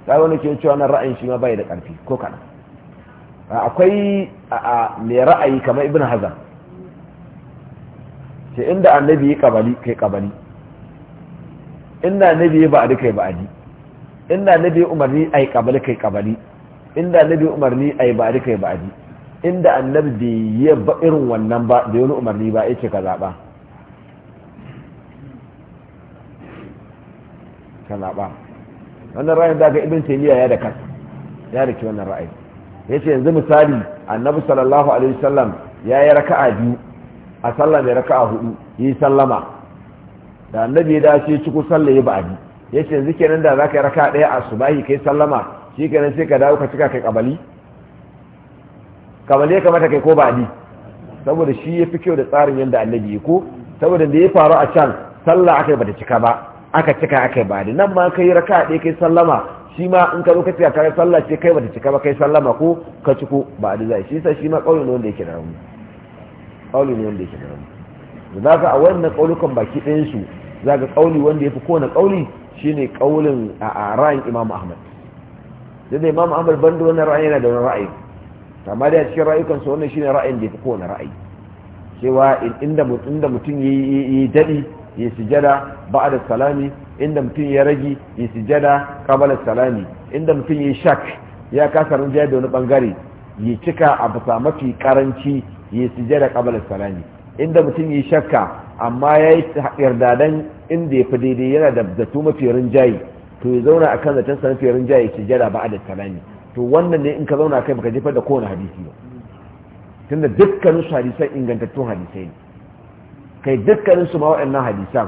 ka wani ke cewa nan ra'ayin shi ma bai da karfi ko kana akwai a mai ra'ayi kamar ibn hazan ce inda annabi ya kabali kai kabali inda annabi ya ba'adi kai ba'adi inda annabi ya umarni yi kabali kai kabali inda annabi ya umarni ba ba'adi kai ba'adi inda annabi bai yi irin wannan ba da wani umarni ba ya ce ka zaɓa ka zaɓa wannan ra'ayin da ga ibn taymiya ya da kansa ya da ke wannan ra'ayi yace yanzu misali annabi sallallahu alaihi wasallam ya yi raka'a biyu a sallah mai raka'a hudu yi sallama da annabi ya dace ci ku sallah ya ba'adi yace yanzu kenan da zaka yi raka'a daya a subahi kai sallama shi kenan sai ka dawo ka cika kai kabali kabali ya kamata kai ko ba'adi saboda shi ya fi kyau da tsarin yadda annabi ya ko saboda da ya faru a can sallah aka yi bata cika ba aka cika aka ba da nan ma kai raka ɗaya kai sallama shi ma in ka zo ka cika kai sallah ce kai bata cika ba kai sallama ko ka ciko ba da zai shi sa shi ma kauli ne wanda yake da rauni kauli ne wanda yake da rauni za ka a wannan kaulukan baki ɗayan su za ka kauli wanda ya fi kowane kauli shine kaulin a ra'ayin imam ahmad da da imam ahmad da wani ra'ayi yana da wani ra'ayi amma da cikin ra'ayukan su wannan shine ra'ayin da ya fi kowane ra'ayi cewa inda mutum ya yi daɗi ya sujada ba'da salami inda mutum ya ragi ya sujada qabla salami inda mutum ya shak ya kasa rinjaya da wani bangare ya cika a bisa mafi karanci ya sujada qabla salami inda mutum ya shakka amma ya yi yardadan inda ya fi daidai yana da zato mafi rinjaye to ya zauna akan zaton sa mafi rinjaye ya sujada ba'da salami to wannan ne in ka zauna kai baka jefar da kowane hadisi ba tunda dukkanin su hadisai ingantattun hadisai ne kai dukkanin su ma wa'annan hadisan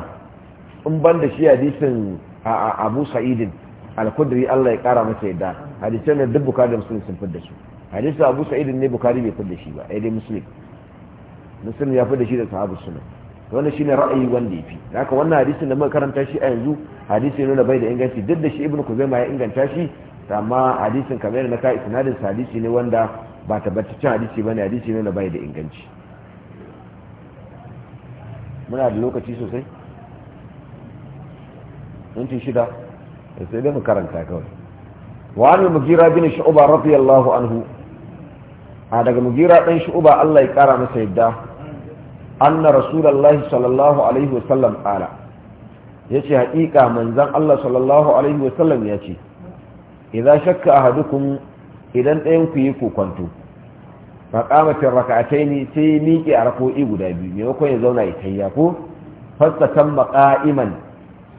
in ban da shi hadisin abu sa'idin al-kudri Allah ya kara masa yadda hadisan da duk bukari da musulmi sun fidda su hadisin abu sa'idin ne bukari bai fidda shi ba ai dai musulmi musulmi ya fidda shi da sahabu sunan wannan shine ra'ayi wanda yafi haka wannan hadisin da muka karanta shi a yanzu hadisi ne da bai da inganci duk da shi ibnu kuzaima ya inganta shi amma hadisin kamar na ka isnadin hadisi ne wanda ba tabbataccen hadisi bane hadisi ne da bai da inganci muna da lokaci sosai minti shida eh, sai dai mu karanta kawai wa an mugira bin shu'ba radiyallahu anhu a daga mugira dan shu'ba Allah ya kara masa yadda anna rasulullahi sallallahu alaihi wasallam ala yace haƙiƙa manzan Allah sallallahu alaihi wasallam yace idan shakka ahadukum idan ɗayan ku yi kokonto faqamatin raka'ataini sai ya miƙe a rako'i guda biyu maimakon ya zauna ya tayya ko fastatan maƙa'iman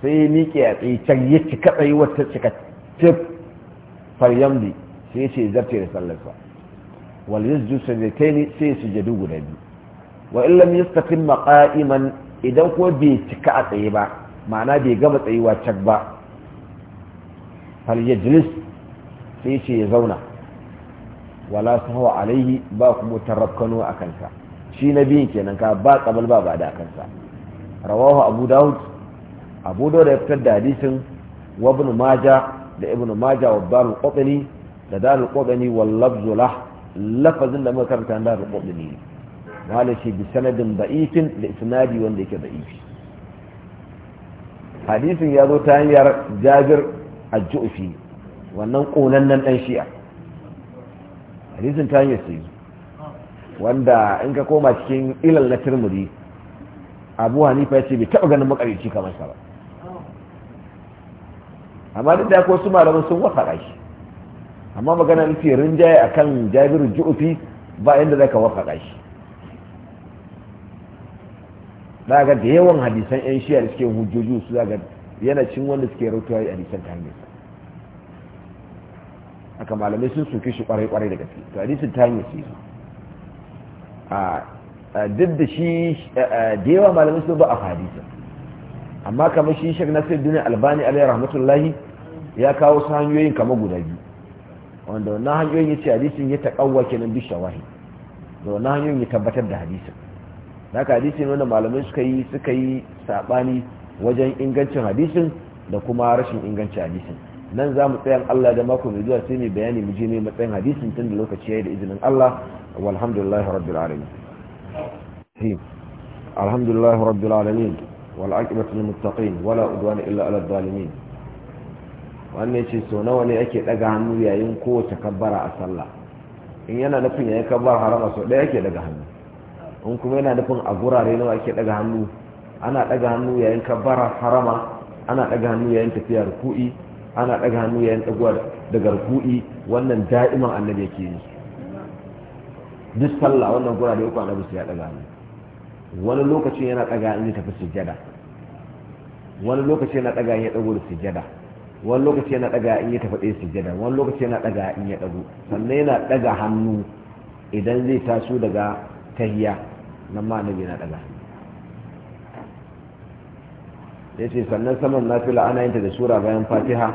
sai ya miƙe a tsayi can ya cika tsaye wata cika tif faryamdi sai ya ce zarce da sallarsa wal yasjudu sajdataini sai ya sujudu guda biyu wa illa lam yastaqim maƙa'iman idan ko bai cika a tsaye ba ma'ana bai gama tsayuwa cak ba fal yajlis sai ce ya zauna wala sahwa alaihi ba kuma tarabkano a kansa shi na biyun kenan ka ba kabal ba ba da kansa rawahu abu daud abu daud ya fitar da hadisin wa ibn maja da ibn maja wa darul qutni da darul qutni wal lafzu lah lafazin da muka karanta darul qutni wala shi bi sanadin da'ifin da isnadi wanda yake da'ifi hadisin ya zo ta hanyar jabir al-ju'fi wannan nan dan shi'a hadisin ta hanyar sai wanda in ka koma cikin ilal na turmudi abu hanifa ya ce bai taɓa ganin makarici kamar sa ba amma duk da ya su malamin sun wasa shi amma magana nufi rinjaye kan jabiru ju'ufi ba inda ka wasa shi za ga da yawan hadisan 'yan shiya da suke hujjoji su za yana cin wanda suke rautuwa a hadisan ta hanyar aka malamai sun soke shi kwarai kwarai daga gaske to hadisin ta hanyar sai a duk da shi da yawa malamai sun ba a hadisin amma kamar shi shek nasir duniya albani alayhi rahmatullahi ya kawo su hanyoyin kamar guda biyu wanda wannan hanyoyin ya ce hadisin ya ta ke kenan bi wahi da wannan hanyoyin ya tabbatar da hadisin haka hadisin wanda malamai suka yi suka yi saɓani wajen ingancin hadisin da kuma rashin ingancin hadisin nan za mu tsayan Allah da mako mai zuwa sai mai bayani mu je mai matsayin hadisin tun da lokaci yayi da izinin Allah walhamdulillah rabbil alamin alhamdulillah rabbil alamin wal aqibatu lil muttaqin wala udwana illa ala zalimin wannan ce so nawa ne ake daga hannu yayin kowace kabbara a sallah in yana nufin yayin kabbar harama so ɗaya ake daga hannu in kuma yana nufin a gurare nawa ake daga hannu ana daga hannu yayin kabbara harama ana daga hannu yayin tafiya ruku'i ana daga hannu yayin dagowa daga ruku'i wannan da'iman annabi yake yi duk sallah wannan da uku annabi su ya daga hannu wani lokacin yana daga in ya tafi sujjada wani lokaci yana daga in ya ɗago da sujjada wani lokaci yana daga in ya tafi ɗaya sujjada wani lokaci yana daga in ya ɗago sannan yana daga hannu idan zai taso daga tahiya nan ma annabi yana daga hannu ya ce sannan saman nafila ana yin ta da sura bayan fatiha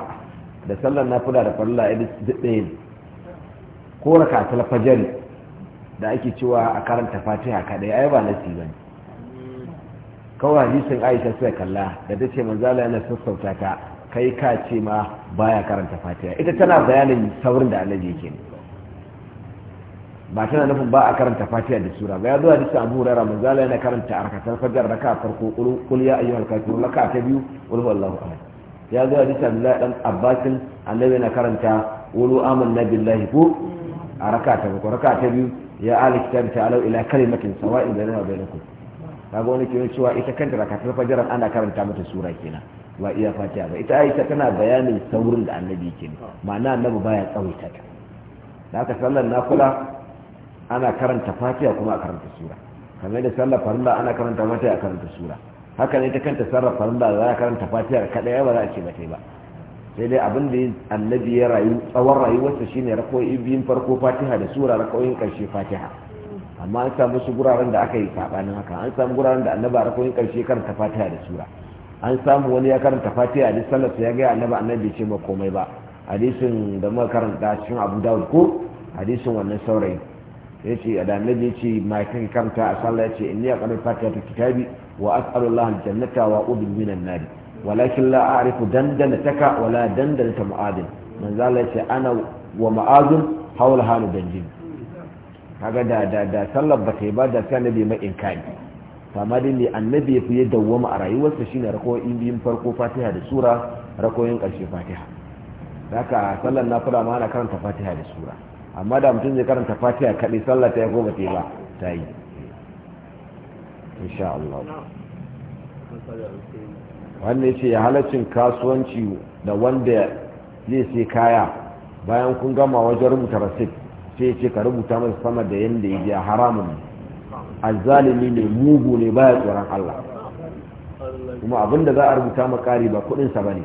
da sallar nafila da farilla ya duk ko raka ta fajari da ake cewa a karanta fatiha kaɗai ai ba nasi ba ne kawai hadisin aisha sai kalla da ta ce manzala yana sassauta ta kai ka ce ma baya karanta fatiha ita tana bayanin saurin da alaji yake ne ba tana nufin ba a karanta fatiha da sura ba ya zo hadisi abu hurairah manzo Allah yana karanta arkatar fajar raka farko qul ya ayyuhal kafirun raka ta biyu qul huwallahu ahad ya zo sabu la dan Abbasin annabi yana karanta qulu amanna billahi ko a raka ta biyu raka ta biyu ya ahli ta alau ila kalimatin sawa'in bainana wa bainakum kaga wani ke cewa ita kanta rakatar fajar ana karanta mata sura kenan ba iya fatiha ba ita aisha tana bayanin saurin da annabi ke ma'ana annabi baya tsawaita ta da haka sallar nakula ana karanta fatiha kuma a karanta sura kamar da sallar farilla ana karanta fatiha a karanta sura haka ne ta kanta sarrafa farilla za a karanta fatiha kadai ba za a ce ba ba sai dai abin da annabi ya rayu tsawon rayuwarsa shine rakoyi biyun farko fatiha da sura rakoyin karshe fatiha amma an samu su guraren da aka yi sabanin haka an samu guraren da annaba rakoyin karshe karanta fatiha da sura an samu wani ya karanta fatiha da sallar ya ga annaba annabi ce ba komai ba hadisin da muka karanta cikin abu dawud ko hadisin wannan saurayi ya ce da annabi ya ce kan karanta a sallah yace inni a ƙarfi fatiha ta kitabi wa as'alullah aljannata wa ubil minan nar walakin la a'rifu dandana taka wala dandana ta mu'adin manzo Allah yace ana wa ma'azun haula halu dandin kaga da da da sallar ba ta yi ba da sai annabi mai inkari fa dai ne annabi ya fiye ya dawwama a rayuwarsa shine rakoyin biyin farko fatiha da sura rakoyin karshe fatiha haka sallar na ma ana karanta fatiha da sura amma da mutum zai karanta fatiha kaɗai sallah ta ya ko ba ta yi ba ta yi insha Allah wannan ya ce ya halaccin kasuwanci da wanda zai sai kaya bayan kun gama wajen rubuta rasit sai ce ka rubuta masa sama da yadda ya biya haramun azzalimi ne mugu ne baya tsoron Allah kuma abinda za a rubuta makari ba kudinsa ba ne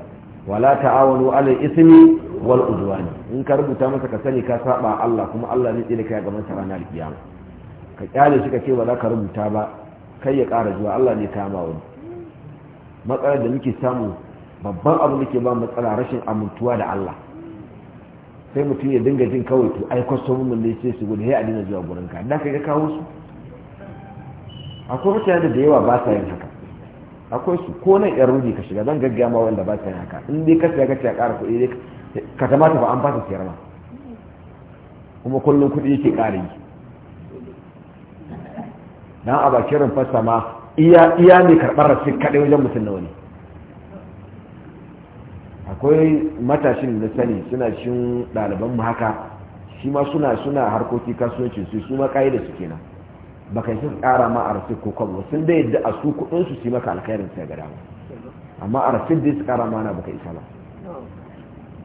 wala ta'awanu alal ismi wal udwan in ka rubuta masa ka sani ka saba Allah kuma Allah zai tsira kai masa sa ranar kiyama ka kyale shi ka ce ba za ka rubuta ba kai ya ƙara zuwa Allah ne kama wani matsalar da muke samu babban abu muke ba matsala rashin amintuwa da Allah sai mutum ya dinga jin kawai to ai kwastomin mun ne sai su gudu ya adina zuwa gurin ka da ka kawo su akwai mutane da yawa ba sa yin haka akwai su ko nan yan rudi ka shiga zan gaggaya ma wanda ba ta haka in dai ka siya ka siya ƙara kuɗi ka kamata ba an fasa siyar ma kuma kullum kuɗi yake ƙara yi dan a bakin fasa ma iya iya ne karɓar rasu kaɗai wajen mutum na wani akwai matashin na sani suna cin ɗaliban mu haka shi ma suna suna harkoki kasuwancin su su ma ƙa'ida su kenan baka yi tsara ma a rasu ko kwallo sun da yadda a su kudin su yi maka alkhairin sai gada amma a rasid su kara mana baka isa ba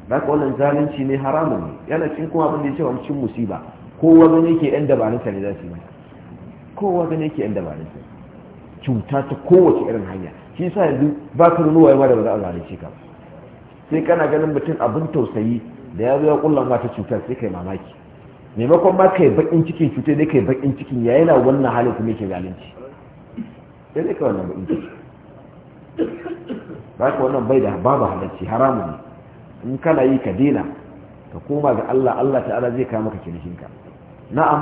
za ka wannan zalunci ne haramun ne yana cin kuma abin da ya ce wani cin musiba kowa gani yake yan dabarunsa ne za su yi kowa gani yan cuta ta kowace irin hanya shi sa yanzu ba ka nuna wayewa da ba za a zalunce ka sai kana ganin mutum abin tausayi da ya zo ya kullum ta cutar sai kai mamaki maimakon ma kai bakin cikin cuta dai kai bakin cikin ya yana wannan halin kuma yake zalunci ya zai kai wannan bakin ciki ba ka wannan bai da babu halarci haramu ne in kana yi ka dina ka koma ga Allah Allah ta'ala zai ka maka ka na'am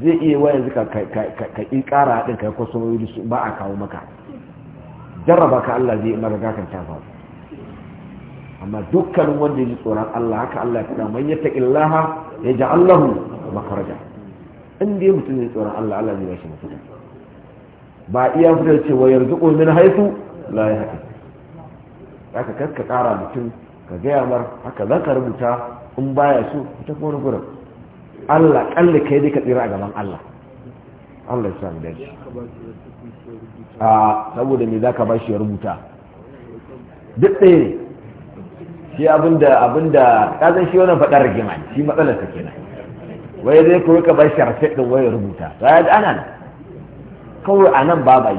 zai iya wa yanzu ka ƙi ƙara haɗin ka wani su ba a kawo maka jarraba ka Allah zai mara gakan ta faru amma dukkanin wanda ya ji tsoron Allah haka Allah ya faɗa man yattaqillaha ya ji allahu makaraja in ya mutum ya tsoron allah allah zai shi mutum ba iya fitar cewa yanzu ƙomin haifu la ya haka aka kaska ƙara mutum ka gaya mar haka za ka rubuta in baya su ta kone wani gurin allah ƙalli kai dai ka tsira a gaban allah allah ya sami daji a saboda me za ka ba shi ya rubuta duk ɗaya ne shi abinda abinda ka san shi wannan faɗar rigima ne shi matsalar ka kenan wai zai koyi ka bar sharfe din wai rubuta ya da anan kawai anan ba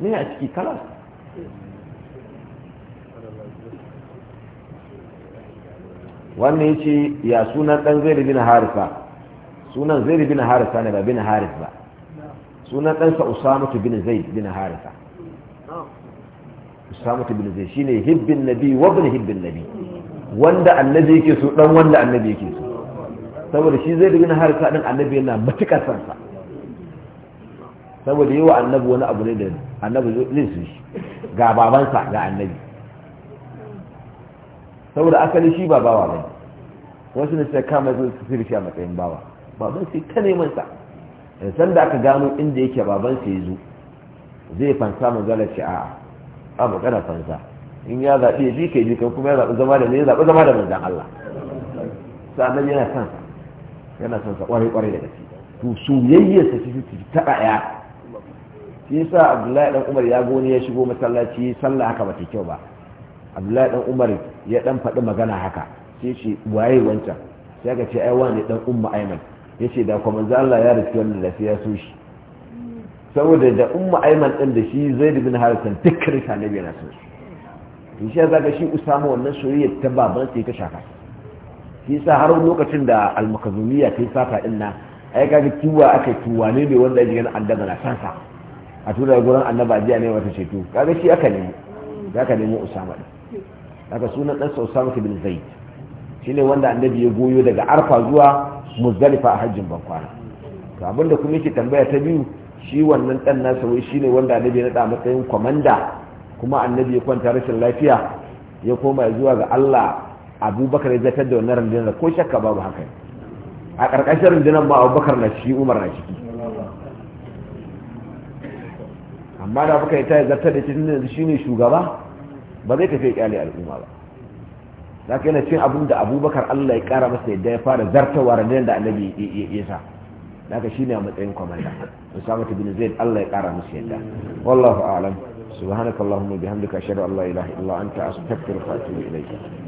yi ne a ciki kala wannan yace ya sunan dan zai bin harisa sunan zai bin harisa ne ba bin haris ba sunan ɗansa usamatu bin zaid bin harisa ta ibn shi shine hibbin nabi wa ibn hibbin nabi wanda annabi yake so dan wanda annabi yake so saboda shi zai rigina harka din annabi yana matukar san sa saboda yawa annabi wani abu ne da annabi zai su shi ga babansa ga annabi saboda asali shi ba bawa bane wasu ne sai kama su shi a matsayin bawa baban sai ta neman sa san da aka gano inda yake baban sai ya zo zai fansa mu zalace a'a a magana fansa in ya zaɓi ya ji ka ji kan kuma ya zaɓi zama da ne ya zaɓi zama da manzan Allah sa'annan yana son sa yana son sa kwarai kwarai da gaske to soyayyar sa shi ta ɗaya shi yasa Abdullahi dan Umar ya goni ya shigo masallaci sallah haka ba ta kyau ba Abdullahi dan Umar ya dan faɗi magana haka sai shi waye wancan sai ka ce ai wani dan umma Aiman yace da kuma manzan Allah ya rufe wannan lafiya so shi saboda da umma aiman ɗin da shi zai bin harisan dukkan kirista na biyar nasu shi shi ya zaga shi usama wannan soyayya ta baban sai ta shafa shi sa har lokacin da almakazumiya ta yi sata ɗin na ai kaga tuwa aka tuwa ne ne wanda ake ganin annaba na sansa a tura gurin annaba jiya ne wata ceto kaga shi aka nemo za ka nemo usama ɗin haka sunan ɗansa usama bin zai shi ne wanda annabi ya goyo daga arfa zuwa muzdalifa a hajjin bankwana to abinda kuma yake tambaya ta biyu shi wannan ɗan nasa wai shi ne wanda annabi ya naɗa matsayin kwamanda kuma annabi ya kwanta rashin lafiya ya koma zuwa ga Allah abubakar ya zartar da wannan rundunar ko shakka babu haka a ƙarƙashin rundunar ba abubakar na shi umar na ciki amma da abubakar ya ta zartar da cikin shi ne shugaba ba zai tafiya kyale al'umma ba za ka yana cin abin da abubakar allah ya kara masa yadda ya fara zartawa ranar da annabi ya sa za ka shi ne a matsayin kwamanda usama bin zaid Allah ya kara musu yadda wallahu a'lam subhanakallahumma bihamdika ashhadu an la ilaha illa anta astaghfiruka wa